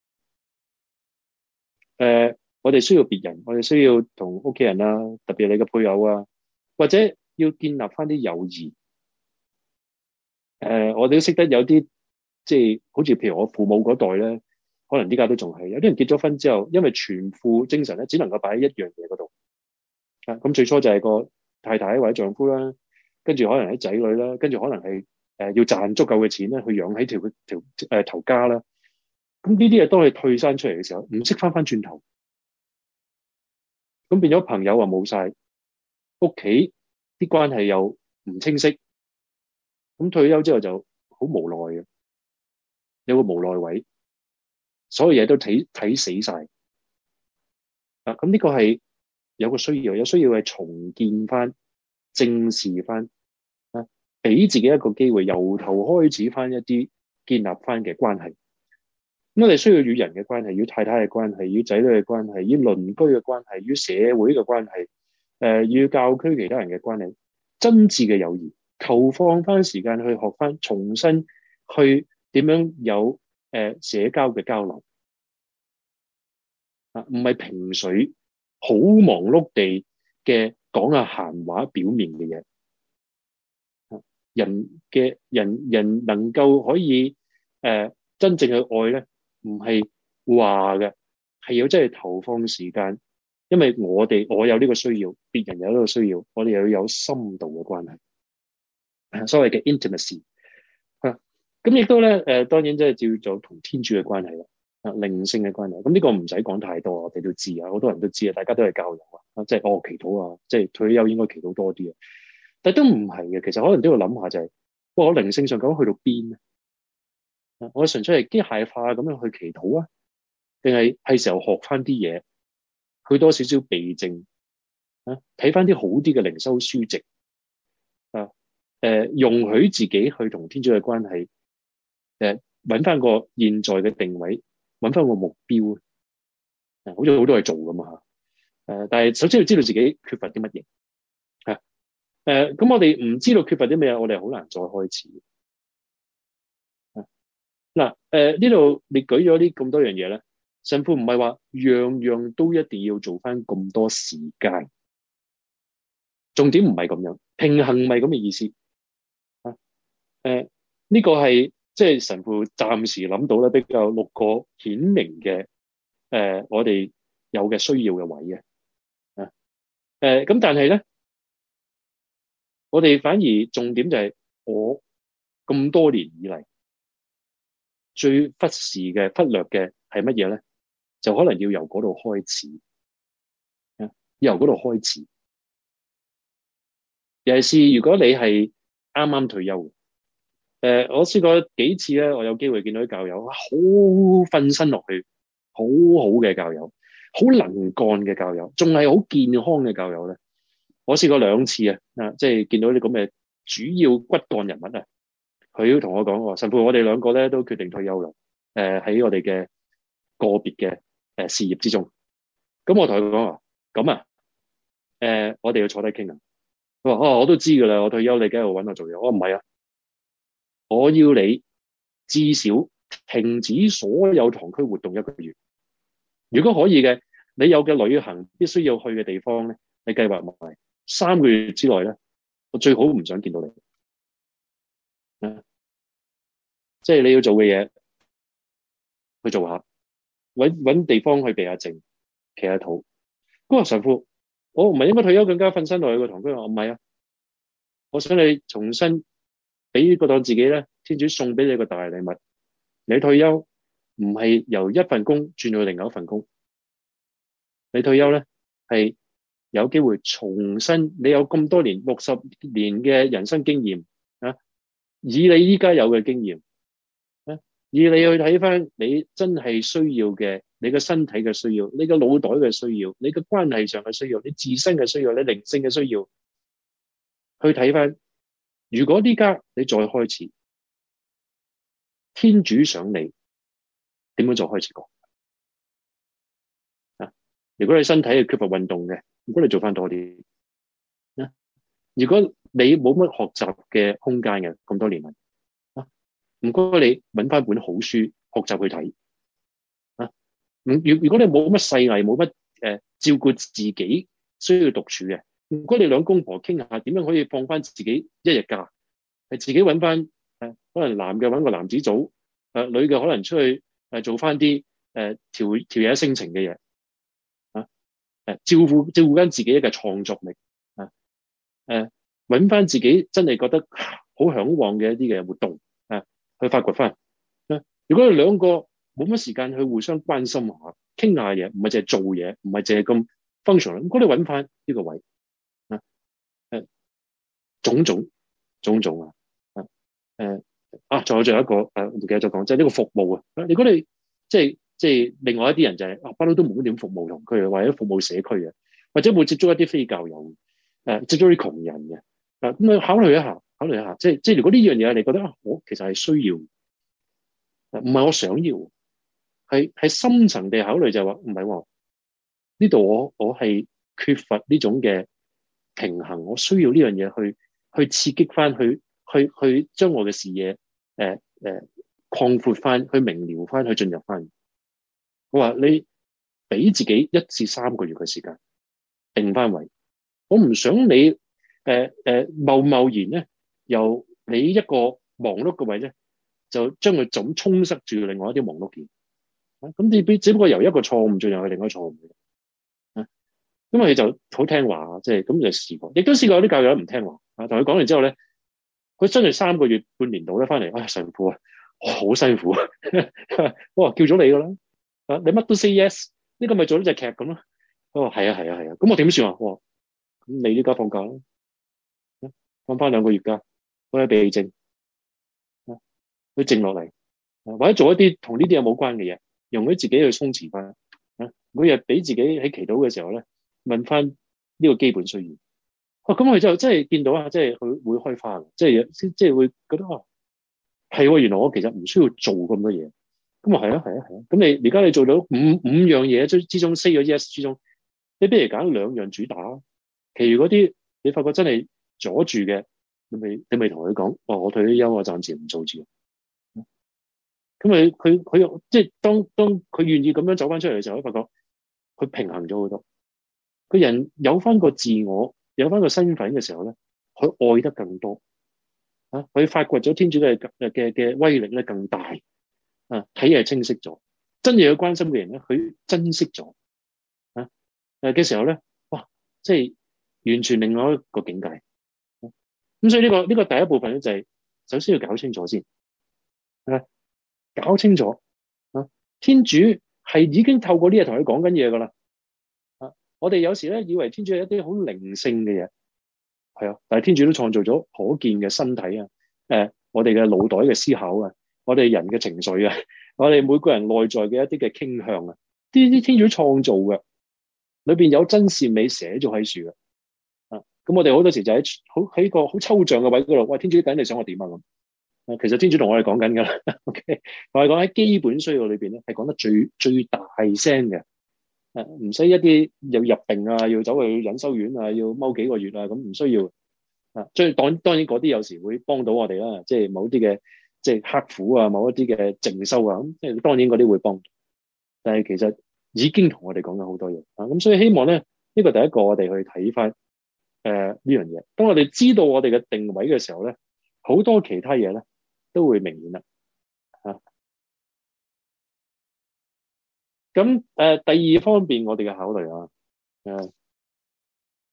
呃，我哋需要別人，我哋需要同屋企人啦，特別你嘅配偶啊，或者要建立翻啲友誼。誒，uh, 我哋都識得有啲，即係好似譬如我父母嗰代咧，可能依家都仲係有啲人結咗婚之後，因為全副精神咧，只能夠擺喺一樣嘢嗰度。啊，咁最初就係個太太或者丈夫啦，跟住可能係仔女啦，跟住可能係誒、呃、要賺足夠嘅錢咧，去養起條條誒頭家啦。咁呢啲嘢當你退翻出嚟嘅時候，唔識翻翻轉頭，咁變咗朋友話冇晒，屋企啲關係又唔清晰。咁退休之後就好無奈嘅，有個無奈位，所有嘢都睇睇死晒。啊，咁呢個係有個需要，有需要係重建翻、正視翻，啊，俾自己一個機會，由頭開始翻一啲建立翻嘅關係。咁我哋需要與人嘅關係，與太太嘅關係，與仔女嘅關係，與鄰居嘅關係，與社會嘅關係，誒、呃，與教區其他人嘅關係，真摯嘅友誼。投放翻時間去學翻，重新去點樣有誒社交嘅交流啊，唔係萍水好忙碌地嘅講下閒話、表面嘅嘢。人嘅人人能夠可以誒、呃、真正去愛咧。唔係話嘅係有真係投放時間，因為我哋我有呢個需要，別人有呢個需要，我哋又要有深度嘅關係。所謂嘅 intimacy 吓、啊，咁亦都咧誒、呃，當然即係叫做同天主嘅關係啦，啊靈性嘅關係。咁呢個唔使講太多我哋都知啊，好多人都知啊，大家都係教友啊，即係我祈禱啊，即、就、係、是、退休應該祈禱多啲啊。但係都唔係嘅，其實可能都要諗下就係、是，我靈性上究竟去到邊咧、啊？我純粹係機械化咁樣去祈禱啊，定係係時候學翻啲嘢，去多少少避靜啊，睇翻啲好啲嘅靈修書籍啊。誒，容許自己去同天主嘅關係，誒，揾翻個現在嘅定位，揾翻個目標，啊，好似好多嘢做咁嘛，誒，但係首先要知道自己缺乏啲乜嘢，吓、啊，誒、啊，咁我哋唔知道缺乏啲乜嘢，我哋好難再開始，嗱、啊，誒、啊，呢度你舉咗啲咁多樣嘢咧，神父唔係話樣樣都一定要做翻咁多時間，重點唔係咁樣，平衡咪咁嘅意思。誒，呢、呃，這個係即係神父暫時諗到咧，比較六個顯明嘅誒、呃，我哋有嘅需要嘅位嘅，啊、呃、誒，咁、呃、但係咧，我哋反而重點就係我咁多年以嚟最忽視嘅、忽略嘅係乜嘢咧？就可能要由嗰度開始，啊、呃，由嗰度開始，尤其是如果你係啱啱退休的。誒，我試過幾次咧，我有機會見到啲教、教友，好瞓身落去，好好嘅教友，好能幹嘅教友，仲係好健康嘅教友咧。我試過兩次啊，嗱，即係見到啲咁嘅主要骨幹人物啊，佢都同我講話，甚至乎我哋兩個咧都決定退休啦。誒、呃，喺我哋嘅個別嘅誒事業之中，咁我同佢講話，咁啊，誒、呃，我哋要坐低傾啊。佢話哦，我都知噶啦，我退休你梗係度搵我做嘢，我唔係啊。我要你至少停止所有堂區活動一個月。如果可以嘅，你有嘅旅行必須要去嘅地方咧，你計劃埋三個月之內咧，我最好唔想見到你。啊、嗯，即、就、係、是、你要做嘅嘢，去做下，搵搵地方去避下靜，祈下禱。嗰個神父，我唔係應該退休更加瞓身落去個堂區？我唔係啊，我想你重新。俾呢個當自己咧，天主送俾你個大禮物。你退休唔係由一份工轉去另一份工，你退休咧係有機會重新。你有咁多年六十年嘅人生經驗啊，以你依家有嘅經驗啊，以你去睇翻你真係需要嘅，你個身體嘅需要，你個腦袋嘅需要，你個關係上嘅需要，你自身嘅需要，你靈性嘅需要，去睇翻。如果呢家你再開始，天主想你點樣再開始講啊？如果你身體係缺乏運動嘅，唔該你做翻多啲啊！如果你冇乜學習嘅空間嘅，咁多年嚟啊，唔該你揾翻本好書學習去睇啊！唔如，如果你冇乜細藝，冇乜誒照顧自己需要獨處嘅。如果你兩公婆傾下，點樣可以放翻自己一日假？係自己搵翻，可能男嘅搵個男子組，誒、呃，女嘅可能出去誒做翻啲誒調調嘢性情嘅嘢，啊誒，照顧照顧緊自己一個創作力，啊誒，搵、啊、翻自己真係覺得好向往嘅一啲嘅活動，啊，去發掘翻、啊。如果你兩個冇乜時間去互相關心下，傾下嘢，唔係淨係做嘢，唔係淨係咁 function，我覺得搵翻呢個位。種種種種啊！誒啊，仲有仲有一個誒，唔、啊、記得咗講，即係呢個服務啊！如果你講你即係即係另外一啲人就係、是、啊，不嬲都冇點服務同區，或者服務社區嘅，或者會接觸一啲非教友誒、啊，接觸啲窮人嘅。咁啊，你考慮一下，考慮一下，即係即係如果呢樣嘢你覺得啊，我其實係需要，唔係我想要，係係深層地考慮就係話唔係話呢度我我係缺乏呢種嘅平衡，我需要呢樣嘢去。去刺激翻，去去去將我嘅視野誒誒擴闊翻，去明了翻，去進入翻。我話你俾自己一至三個月嘅時間，定翻位。我唔想你誒誒貿貿然咧，由你一個忙碌嘅位咧，就將佢總充塞住另外一啲忙碌嘅。咁只不只不過由一個錯誤進入去另外一個錯誤。咁我佢就好聽話，即係咁就試過，亦都試過有啲教友唔聽話啊。同佢講完之後咧，佢真係三個月、半年度咧翻嚟，啊神父啊，好辛苦啊，我話叫咗你噶啦，啊你乜都 say yes，呢個咪做呢隻劇咁咯。我話係啊係啊係啊，咁我點算啊？我話咁你呢家放假啦，返翻兩個月假，開下避靜，啊，佢靜落嚟，或者做一啲同呢啲有冇關嘅嘢，用佢自己去充填翻啊。每日俾自己喺祈禱嘅時候咧。問翻呢個基本需要，哇、哦！咁佢就真係見到啊，即係佢會開花，即係即係會覺得哦係喎，原來我其實唔需要做咁多嘢。咁啊係啊係啊係啊。咁你而家你做到五五樣嘢之之中四個 E S 之中，你不如揀兩樣主打，其餘嗰啲你發覺真係阻住嘅，你咪你咪同佢講哦，我退休，我暫時唔做住。咁佢佢佢即係當當佢願意咁樣走翻出嚟嘅時候，佢發覺佢平衡咗好多。個人有翻個自我，有翻個身份嘅時候咧，佢愛得更多啊！佢發掘咗天主嘅嘅嘅威力咧，更大啊！睇嘢清晰咗，真正關心嘅人咧，佢珍惜咗啊！嘅時候咧，哇！即係完全另外一個境界。咁所以呢、呢個呢、呢個第一部分咧、就係，就係首先要搞清楚先啊！搞清楚啊！天主係已經透過呢個同佢講緊嘢噶啦。我哋有時咧，以為天主係一啲好靈性嘅嘢，係啊，但係天主都創造咗可見嘅身體啊，誒、呃，我哋嘅腦袋嘅思考啊，我哋人嘅情緒啊，我哋每個人內在嘅一啲嘅傾向啊，呢啲天主創造嘅，裏邊有真善美寫咗喺樹啊，啊，咁我哋好多時就喺好喺個好抽象嘅位嗰度，喂、哎，天主，等你想我點啊咁，啊，其實天主同我哋講緊噶啦，okay? 我哋講喺基本需要裏邊咧，係講得最最大聲嘅。誒，唔使一啲要入定啊，要走去隱修院啊，要踎幾個月啊，咁唔需要啊。即係當當然嗰啲有時會幫到我哋啦，即係某啲嘅即係刻苦啊，某一啲嘅靜修啊，咁即係當然嗰啲會幫。但係其實已經同我哋講咗好多嘢啊，咁所以希望咧，呢個第一個我哋去睇翻誒呢樣嘢。當我哋知道我哋嘅定位嘅時候咧，好多其他嘢咧都會明顯啦。咁誒、呃、第二方面我，我哋嘅考慮啊，誒、啊、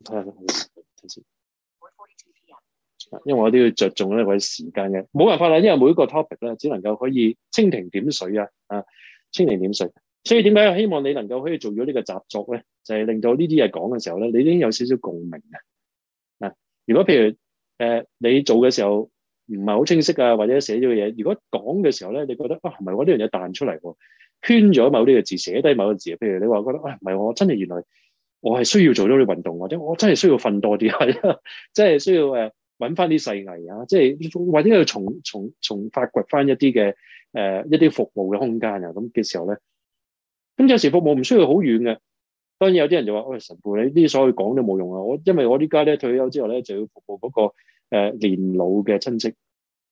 睇下先，因為我都要着重咧，或者時間嘅冇辦法啦，因為每一個 topic 咧，只能夠可以蜻蜓點水啊，啊，蜻蜓點水。所以點解我希望你能夠可以做咗呢個習作咧？就係、是、令到呢啲嘢講嘅時候咧，你已經有少少共鳴啊！如果譬如誒、呃、你做嘅時候唔係好清晰啊，或者寫咗嘢，如果講嘅時候咧，你覺得啊，唔係我呢樣嘢彈出嚟喎。圈咗某啲嘅字，寫低某個字，譬如你話覺得，唉、哎，唔係我真係原來我係需要做多啲運動，或者我真係需要瞓多啲，或者真係需要誒搵翻啲細藝啊，即係或者要從從從發掘翻一啲嘅誒一啲服務嘅空間啊，咁嘅時候咧，咁有時服務唔需要好遠嘅，當然有啲人就話，喂、哎，神父你啲所謂講都冇用啊，我因為我呢家咧退休之後咧就要服務嗰個誒年老嘅親戚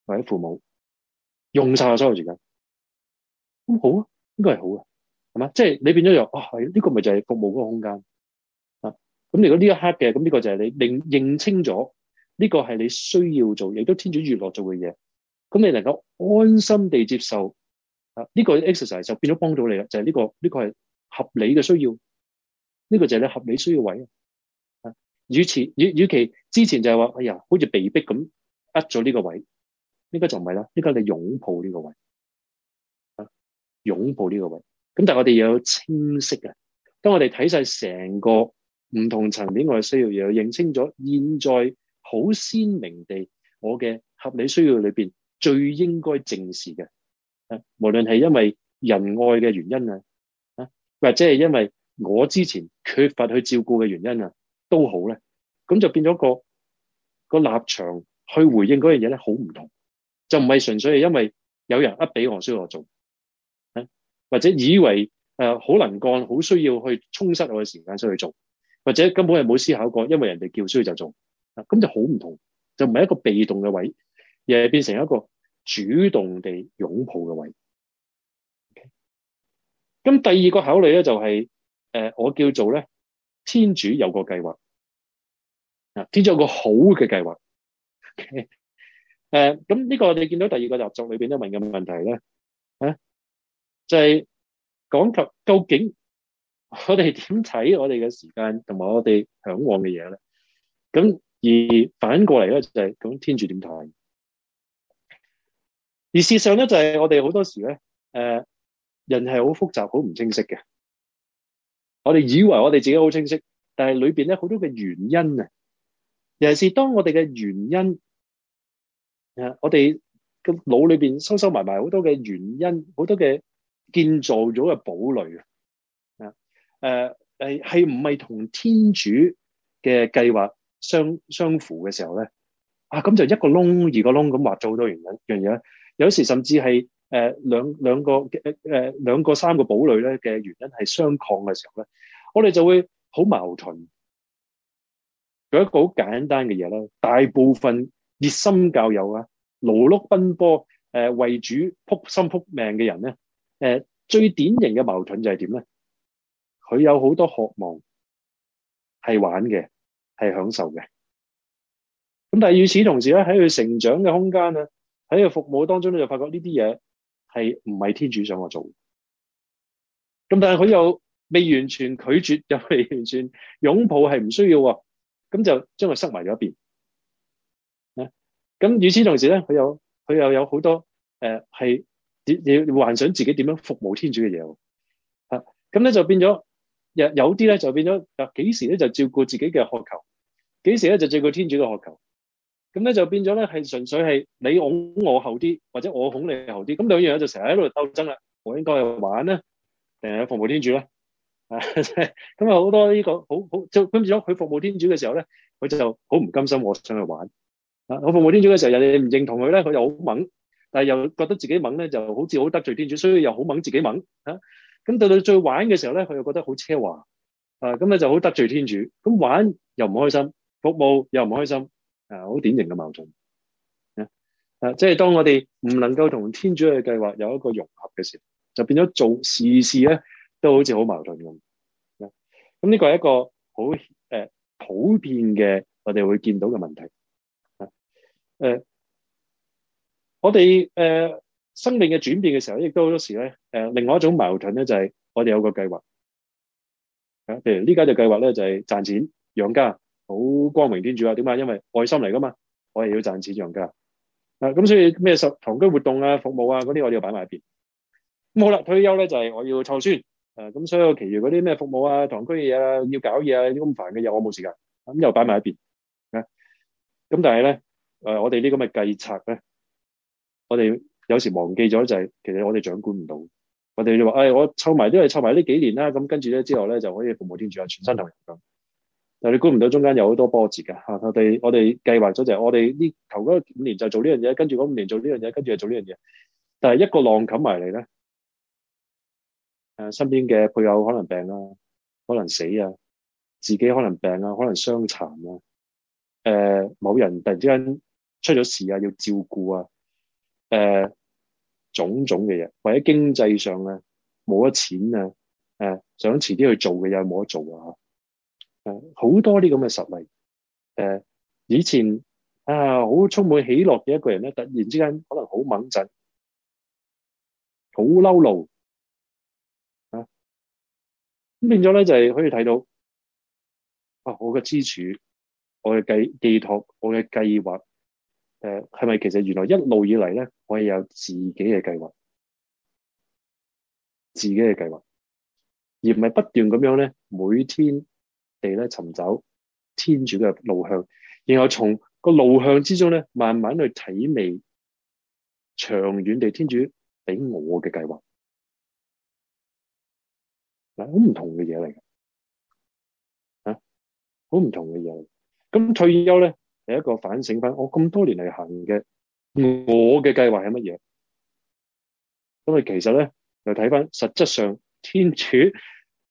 或者父母，用晒所有時間，咁好啊。應該係好嘅，係嘛？即係你變咗又哇，呢、哦這個咪就係服務嗰個空間啊！咁如果呢一刻嘅，咁呢個就係你認認清咗呢、這個係你需要做，亦都天主悅樂做嘅嘢。咁你能夠安心地接受啊？呢、這個 exercise 就變咗幫到你啦，就係、是、呢、這個呢、這個係合理嘅需要。呢、這個就係你合理需要位啊！與其與與其之前就係話哎呀，好似被逼咁呃咗呢個位，應該就唔係啦。應該你擁抱呢個位。擁抱呢個位，咁但係我哋有清晰嘅，當我哋睇晒成個唔同層面我哋需要，又有認清咗現在好鮮明地，我嘅合理需要裏邊最應該正視嘅，無論係因為人愛嘅原因啊，或者係因為我之前缺乏去照顧嘅原因啊，都好咧，咁就變咗、嗰個個立場去回應嗰樣嘢，咧，好唔同，就唔係純粹係因為有人一俾，我需要我做。或者以為誒好能幹，好需要去充塞我嘅時間出去做，或者根本係冇思考過，因為人哋叫需要就做，咁就好唔同，就唔係一個被動嘅位，而係變成一個主動地擁抱嘅位。咁、okay? 第二個考慮咧，就係、是、誒我叫做咧天主有個計劃，天主有個好嘅計劃。誒咁呢個你見到第二個習作裏面咧，問嘅問題咧吓就係講及究竟我哋點睇我哋嘅時間同埋我哋嚮往嘅嘢咧，咁而反過嚟，咧就係咁天主點睇？而事實上咧就係、是、我哋好多時咧，誒、呃、人係好複雜好唔清晰嘅，我哋以為我哋自己好清晰，但係裏邊咧好多嘅原因啊，尤其是當我哋嘅原因啊，我哋個腦裏邊收收埋埋好多嘅原因，好、呃、多嘅。建造咗個堡壘啊！誒誒誒，係唔係同天主嘅計劃相相符嘅時候咧？啊，咁就一個窿、二個窿咁話做好多原因樣嘢咧。有時甚至係誒兩兩個誒誒兩個三個堡壘咧嘅原因係相抗嘅時候咧，我哋就會好矛盾。有、那、一個好簡單嘅嘢咧，大部分熱心教友啊，勞碌奔波誒為主仆心仆命嘅人咧。誒，最典型嘅矛盾就係點咧？佢有好多渴望係玩嘅，係享受嘅。咁但係與此同時咧，喺佢成長嘅空間啊，喺佢服務當中咧，佢就發覺呢啲嘢係唔係天主想我做嘅。咁但係佢又未完全拒絕，又未完全擁抱，係唔需要喎。咁就將佢塞埋咗一邊。咁、啊、與此同時咧，佢有佢又有好多誒係。呃是幻想自己點樣服務天主嘅嘢喎，吓，咁咧就變咗，有有啲咧就變咗，嗱，幾時咧就照顧自己嘅渴求，幾時咧就照顧天主嘅渴求，咁咧就變咗咧係純粹係你拱我後啲，或者我拱你後啲，咁兩樣就成日喺度鬥爭啦。我應該係玩咧，定係服務天主啦？啊、 這個，咁啊好多呢個好好，跟住咗佢服務天主嘅時候咧，佢就好唔甘心。我想去玩，啊，我服務天主嘅時候，人哋唔認同佢咧，佢又好猛。但又覺得自己掹咧，就好似好得罪天主，所以又好掹自己掹嚇。咁到到最玩嘅時候咧，佢又覺得好奢華啊，咁咧就好得罪天主。咁玩又唔開心，服務又唔開心，啊，好典型嘅矛盾啊！即、啊、係、就是、當我哋唔能夠同天主嘅計劃有一個融合嘅時候，就變咗做事事咧都好似好矛盾咁。咁、啊、呢個係一個好、呃、普遍嘅我哋會見到嘅問題啊，呃我哋誒、呃、生命嘅轉變嘅時候，亦都好多時咧、呃。另外一種矛盾咧，就係、是、我哋有個計劃啊。譬如計劃呢家嘅計劃咧，就係、是、賺錢養家，好光榮天主啊。點解啊？因為愛心嚟噶嘛，我哋要賺錢養家啊。咁所以咩十堂區活動啊、服務啊嗰啲，我哋要擺埋一邊咁、啊、好啦。退休咧就係、是、我要湊孫咁、啊、所以我其餘嗰啲咩服務啊、堂區嘢啊、要搞嘢啊啲咁煩嘅嘢，我冇時間咁又擺埋一邊啊。咁、啊、但係咧、啊，我哋呢咁嘅計策咧。我哋有時忘記咗就係、是，其實我哋掌管唔到。我哋就話，誒、哎，我湊埋都係湊埋呢幾年啦，咁跟住咧之後咧就可以服務天主啊，全身投入咁。但係你估唔到中間有好多波折㗎。吓。我哋我哋計劃咗就係、是，我哋呢頭嗰五年就做呢樣嘢，跟住嗰五年做呢樣嘢，跟住就做呢樣嘢。但係一個浪冚埋嚟咧，誒，身邊嘅配偶可能病啊，可能死啊，自己可能病啊，可能傷殘啊，誒、呃，某人突然之間出咗事啊，要照顧啊。誒、啊，種種嘅嘢，或者經濟上咧冇咗錢啊，誒、啊，想遲啲去做嘅嘢冇得做啊，吓、啊，好多啲咁嘅實例，誒、啊，以前啊好充滿喜樂嘅一個人咧，突然之間可能好猛烈，好嬲怒，吓、啊，咁變咗咧就係、是、可以睇到，啊，我嘅支柱，我嘅寄寄託，我嘅計劃。誒，係咪其實原來一路以嚟咧，我係有自己嘅計劃，自己嘅計劃，而唔係不斷咁樣咧，每天地咧尋找天主嘅路向，然後從個路向之中咧，慢慢去體味長遠地天主俾我嘅計劃。嗱，好唔同嘅嘢嚟嘅，吓，好唔同嘅嘢嚟，咁退休咧。第一個反省翻，我咁多年嚟行嘅，我嘅計劃係乜嘢？咁啊，其實咧就睇翻實質上天主，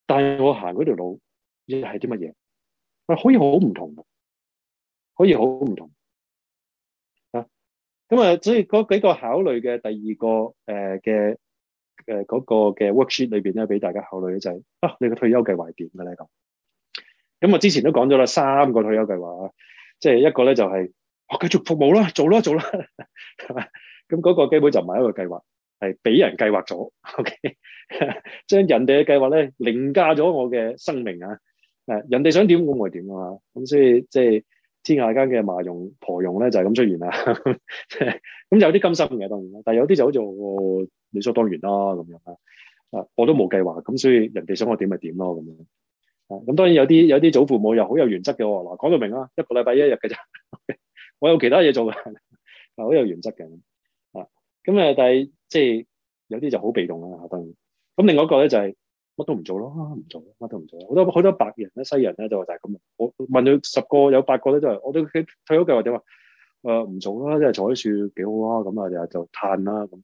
帶我行嗰條路係啲乜嘢？可以好唔同，可以好唔同啊！咁啊，所以嗰幾個考慮嘅第二個誒嘅誒嗰個嘅 workshop 裏邊咧，俾大家考慮嘅就係、是、啊，你個退休計劃係點嘅咧咁？咁我之前都講咗啦，三個退休計劃。即係一個咧、就是，就係我繼續服務啦，做啦，做啦，咁 嗰個基本就唔係一個計劃，係俾人計劃咗。O.K. 將 人哋嘅計劃咧凌駕咗我嘅生命啊！人哋想點，我咪點啊！咁所以即係、就是、天下間嘅麻用婆用咧，就係、是、咁出現啦、啊。咁 有啲甘心嘅當然啦，但係有啲就好似理所當然啦咁樣，樣，樣啊，我都冇計劃，咁所以人哋想我點咪點咯咁樣。咁當然有啲有啲祖父母又好有原則嘅，嗱講到明啦，一個禮拜一日嘅咋。我有其他嘢做嘅，嗱好有原則嘅。啊，咁啊，但係即係有啲就好被動啦，當然。咁另外一個咧就係、是、乜都唔做咯，唔做乜都唔做。好多好多白人咧、西人咧就係就係咁。我問佢十個有八個咧都係，我哋嘅退休計劃點啊？誒唔做啦，即係坐喺樹幾好啊？咁啊，就就嘆啦咁。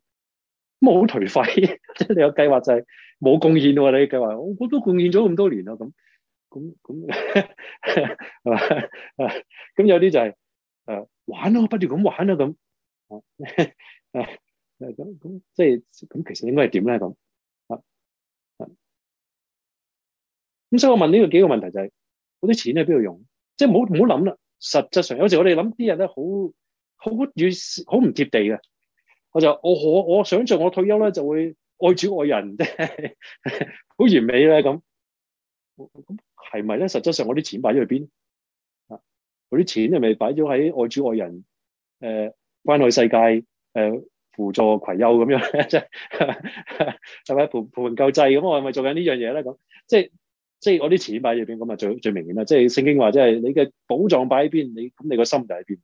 咁好頹廢，即 係你有計劃就係冇貢獻喎。你計劃我我都貢獻咗咁多年啦，咁。咁咁係嘛？咁有啲就係、是、誒玩咯，不斷咁玩啊咁啊啊咁咁，即係咁其實應該係點咧咁啊咁所以我問呢個幾個問題就係、是：嗰啲錢喺邊度用？即係唔好唔好諗啦。實際上有時我哋諗啲人咧，好好與好唔貼地嘅。我就我我我想像我退休咧就會愛主愛人，即、就、好、是、完美啦咁咁。係咪咧？實質上我啲錢擺咗去邊？啊，我啲錢係咪擺咗喺愛主愛人、誒、呃、關愛世界、誒、呃、輔助攜優咁樣咧？即係係咪盤盤救濟咁？我係咪做緊呢樣嘢咧？咁即係即係我啲錢擺入邊？咁啊最最明顯啦！即係聖經話即係你嘅寶藏擺喺邊，你咁你個心就喺邊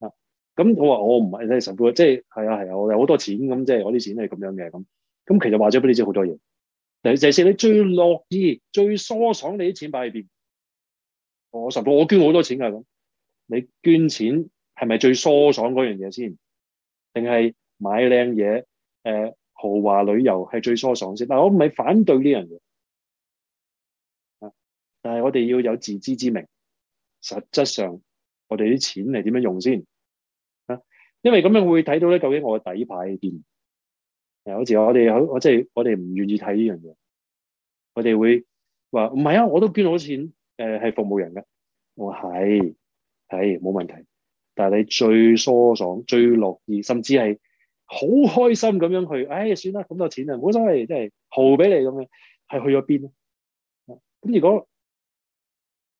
啊！咁我話我唔係你神父，即係係啊係啊，我有好多錢咁，即係我啲錢係咁樣嘅咁。咁其實話咗俾你知好多嘢。就係你最樂意、最疏爽你的，你啲錢擺喺邊？我實我捐好多錢噶咁，你捐錢係咪最疏爽嗰樣嘢先？定係買靚嘢？誒、呃，豪華旅遊係最疏爽先？但係我唔係反對呢樣嘢，但係我哋要有自知之明。實質上，我哋啲錢係點樣用先？啊，因為咁樣會睇到咧，究竟我嘅底牌喺邊。有時我哋我即係我哋唔願意睇呢樣嘢。我哋會話唔係啊，我都捐好錢，誒、呃、係服務人嘅。我係係冇問題。但係你最疏爽、最樂意，甚至係好開心咁樣去。誒、哎、算啦，咁多錢啊，好真係真係豪俾你咁樣係去咗邊？咁如果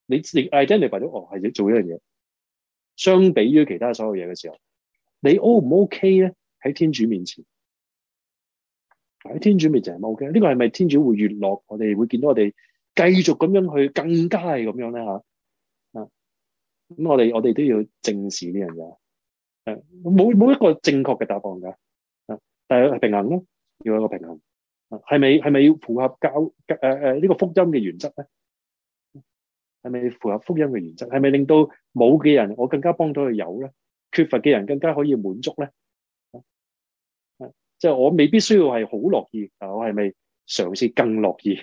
你亦係真係為咗我係做一樣嘢，相比於其他所有嘢嘅時候，你 O 唔 OK 咧？喺天主面前。喺天主面就係冇嘅，呢個係咪天主會越落？我哋會見到我哋繼續咁樣去更加係咁樣咧嚇啊！咁我哋我哋都要正視呢樣嘢，係冇冇一個正確嘅答案㗎啊！但係平衡咯，要有一個平衡啊！係咪係咪要符合教誒誒呢個福音嘅原則咧？係咪符合福音嘅原則？係咪令到冇嘅人我更加幫到佢有咧？缺乏嘅人更加可以滿足咧？即係我未必需要係好樂意，啊！我係咪嘗試更樂意，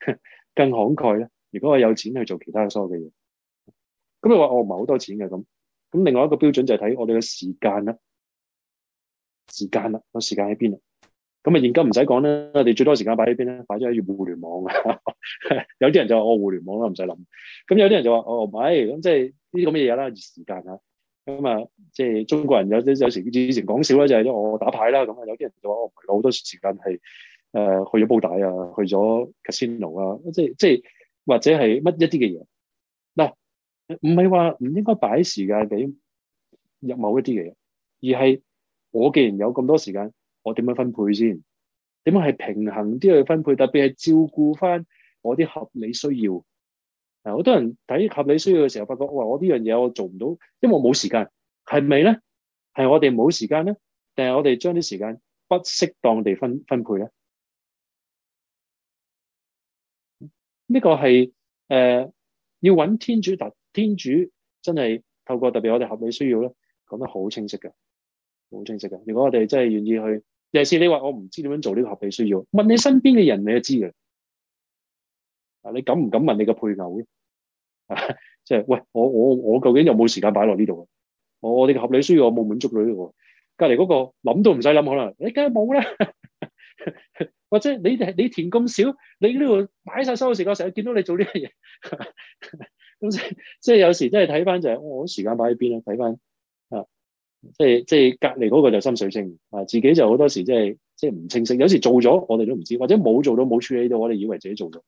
更慷慨咧？如果我有錢去做其他所有嘅嘢，咁你話我唔係好多錢嘅咁，咁另外一個標準就係睇我哋嘅時間啦，時間啦，個時間喺邊啊？咁現金唔使講啦，我哋最多時間擺喺邊咧？擺咗喺互聯網啊！ 有啲人就話我互聯網啦，唔使諗。咁有啲人就話我唔係，咁即係呢啲咁嘅嘢啦，時間啊。咁啊、嗯，即係中國人有啲有時以前講笑啦，就係因為我打牌啦，咁啊有啲人就話我唔係好多時間係誒去咗布袋啊，去咗 casino 啊，即係即係或者係乜一啲嘅嘢嗱，唔係話唔應該擺時間俾入某一啲嘅嘢，而係我既然有咁多時間，我點樣分配先？點樣係平衡啲去分配？特別係照顧翻我啲合理需要。好多人睇合理需要嘅時候，發覺我話我呢樣嘢我做唔到，因為我冇時間，係咪咧？係我哋冇時間咧？定係我哋將啲時間不適當地分分配咧？呢、呢個係誒、呃，要揾天主，但天主真係透過特別我哋合理需要咧，講得好清晰嘅，好清晰嘅。如果我哋真係願意去，尤其是你話我唔知點樣做呢個合理需要，問你身邊嘅人，你就知嘅。啊！你敢唔敢問你個配偶啊，即 係、就是、喂，我我我究竟有冇時間擺落呢度？我哋啲合理需要我冇滿足到呢度。隔離嗰、那個諗都唔使諗，可能你梗係冇啦。 或者你你填咁少，你呢度擺晒所有時間，我成日見到你做呢樣嘢。咁、 就是、即係有時真係睇翻就係、是、我時間擺喺邊啦。睇翻啊，即係即係隔離嗰個就心水清啊，自己就好多時即係即係唔清晰。有時做咗我哋都唔知，或者冇做到冇處理到，我哋以為自己做咗。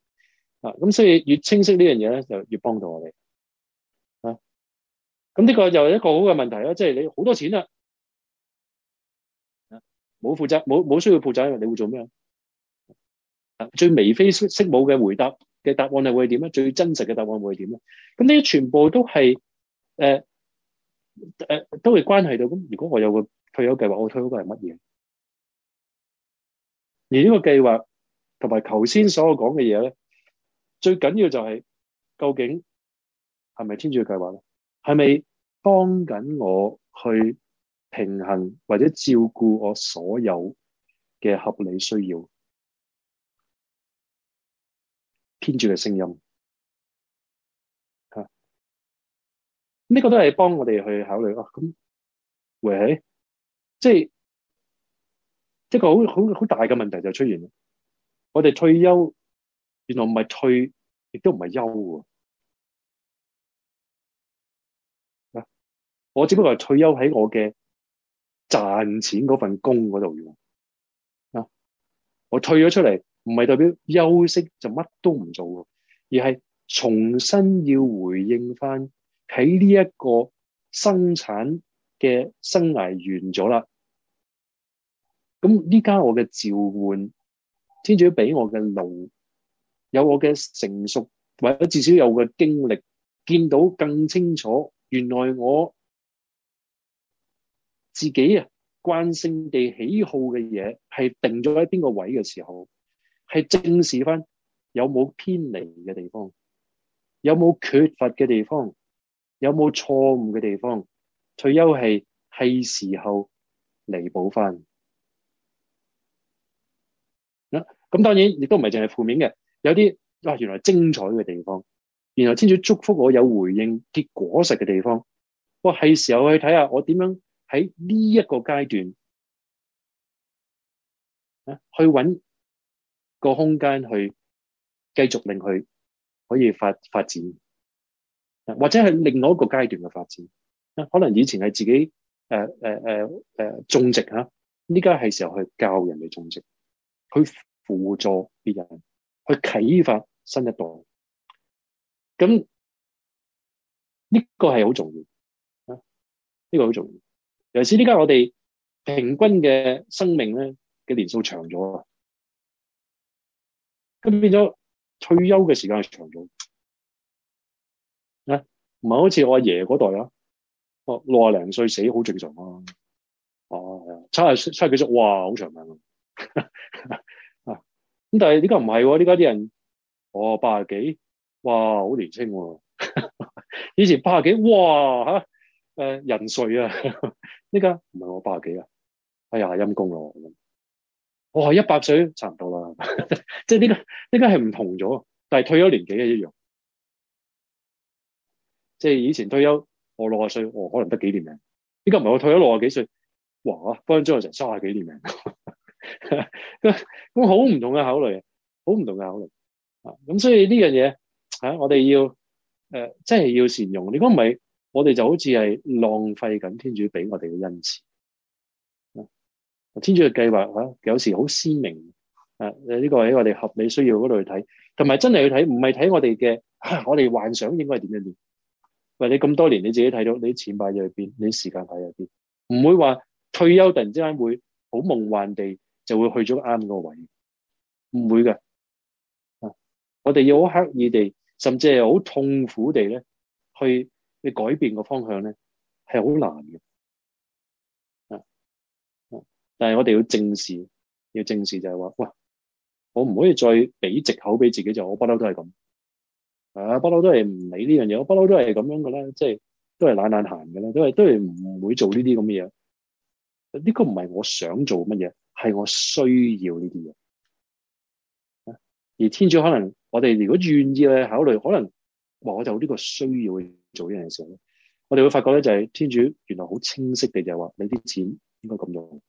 啊，咁所以越清晰呢樣嘢咧，就越幫到我哋。啊，咁呢個又係一個好嘅問題啦，即係你好多錢啦，啊，冇負責，冇冇需要負責，你會做咩啊？最眉飛色舞嘅回答嘅答案係會點咧？最真實嘅答案會係點咧？咁呢啲全部都係誒誒，都會關係到。咁如果我有個退休計劃，我退嗰個係乜嘢？而呢個計劃同埋頭先所講嘅嘢咧。最緊要就係究竟係咪天主嘅計劃咧？係咪幫緊我去平衡或者照顧我所有嘅合理需要？天主嘅聲音嚇，呢個都係幫我哋去考慮。啊，咁喂即係一個好好好大嘅問題就出現啦！我哋退休。原來唔係退，亦都唔係休啊！我只不過係退休喺我嘅賺錢嗰份工嗰度用啊！我退咗出嚟，唔係代表休息就乜都唔做，而係重新要回應翻喺呢一個生產嘅生涯完咗啦。咁呢家我嘅召喚，先至俾我嘅路。有我嘅成熟，或者至少有我嘅經歷，見到更清楚，原來我自己啊慣性地喜好嘅嘢係定咗喺邊個位嘅時候，係正視翻有冇偏離嘅地方，有冇缺乏嘅地方，有冇錯誤嘅地方，退休係係時候彌補翻。咁當然亦都唔係淨係負面嘅。有啲哇，原來精彩嘅地方，然後先至祝福我有回應結果實嘅地方，我係時候去睇下我點樣喺呢一個階段啊，去搵個空間去繼續令佢可以發發展，或者係另外一個階段嘅發展啊，可能以前係自己誒誒誒誒種植吓，依家係時候去教人哋種植，去輔助啲人。去啟發新一代，咁呢、這個係好重要啊！呢、這個好重要，尤其是呢家我哋平均嘅生命咧嘅年數長咗啊，咁變咗退休嘅時間係長咗啊，唔係好似我阿爺嗰代啊，哦六十零歲死好正常啊，哦、啊、差差幾歲哇好長命啊！ 咁但係呢家唔係，呢家啲人，我八十幾，哇好年輕，啊， 以前八十幾，哇吓，誒人瑞啊，呢家唔係我八十幾啊， 哎呀陰公咯，我係一百歲差唔多啦，即係呢家呢家係唔同咗，但係退休年紀係一樣，即係以前退休我六十歲，我可能得幾年命，呢家唔係我退咗六十幾歲，哇，幫張有成三十幾年命。 咁好唔同嘅考慮，好唔同嘅考慮啊！咁所以呢樣嘢吓，我哋要誒，真係要善用。如果唔係，我哋就好似係浪費緊天主俾我哋嘅恩賜啊！天主嘅計劃吓，有時好鮮明啊！呢、這個喺我哋合理需要嗰度去睇，同埋真係去睇，唔係睇我哋嘅、啊、我哋幻想應該係點樣點？喂，你咁多年你自己睇到，你錢擺咗入邊，你時間擺咗入邊，唔會話退休突然之間會好夢幻地。就會去咗啱個位，唔會㗎。我哋要好刻意地，甚至係好痛苦地咧，去去改變個方向咧，係好難嘅。啊但係我哋要正視，要正視就係話，喂！我唔可以再俾借口俾自己，就我不嬲都係咁。啊，不嬲都係唔理呢樣嘢，我不嬲都係咁樣嘅啦，即係都係懶懶閒嘅啦，都係都係唔會做呢啲咁嘅嘢。呢個唔係我想做乜嘢。係我需要呢啲嘢，而天主可能，我哋如果願意去考慮，可能話我就呢個需要去做呢樣嘢。我哋會發覺咧就係天主原來好清晰地就話你啲錢應該咁樣用，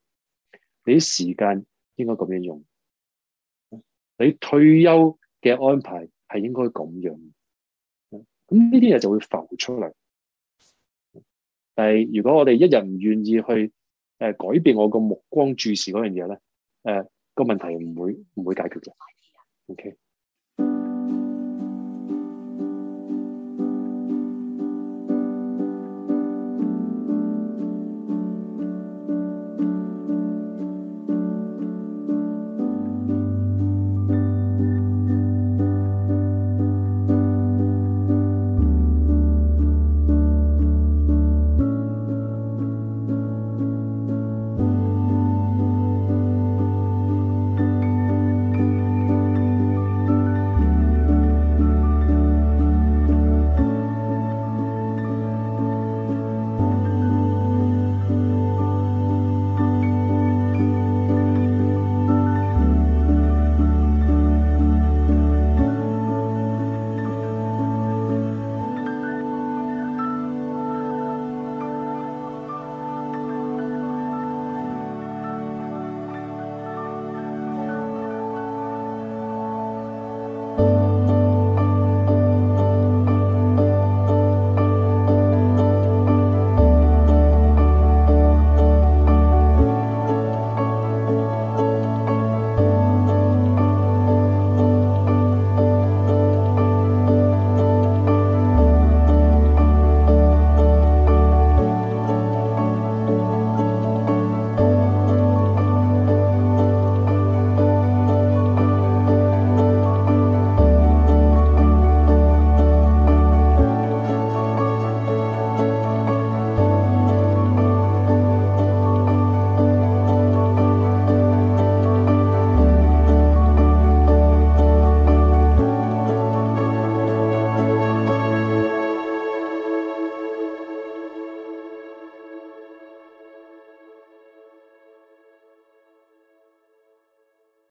你啲時間應該咁樣用，你退休嘅安排係應該咁樣。咁呢啲嘢就會浮出嚟。但係如果我哋一日唔願意去。呃、改變我個目光注視嗰樣嘢咧，誒、呃、個問題唔會唔會解決嘅。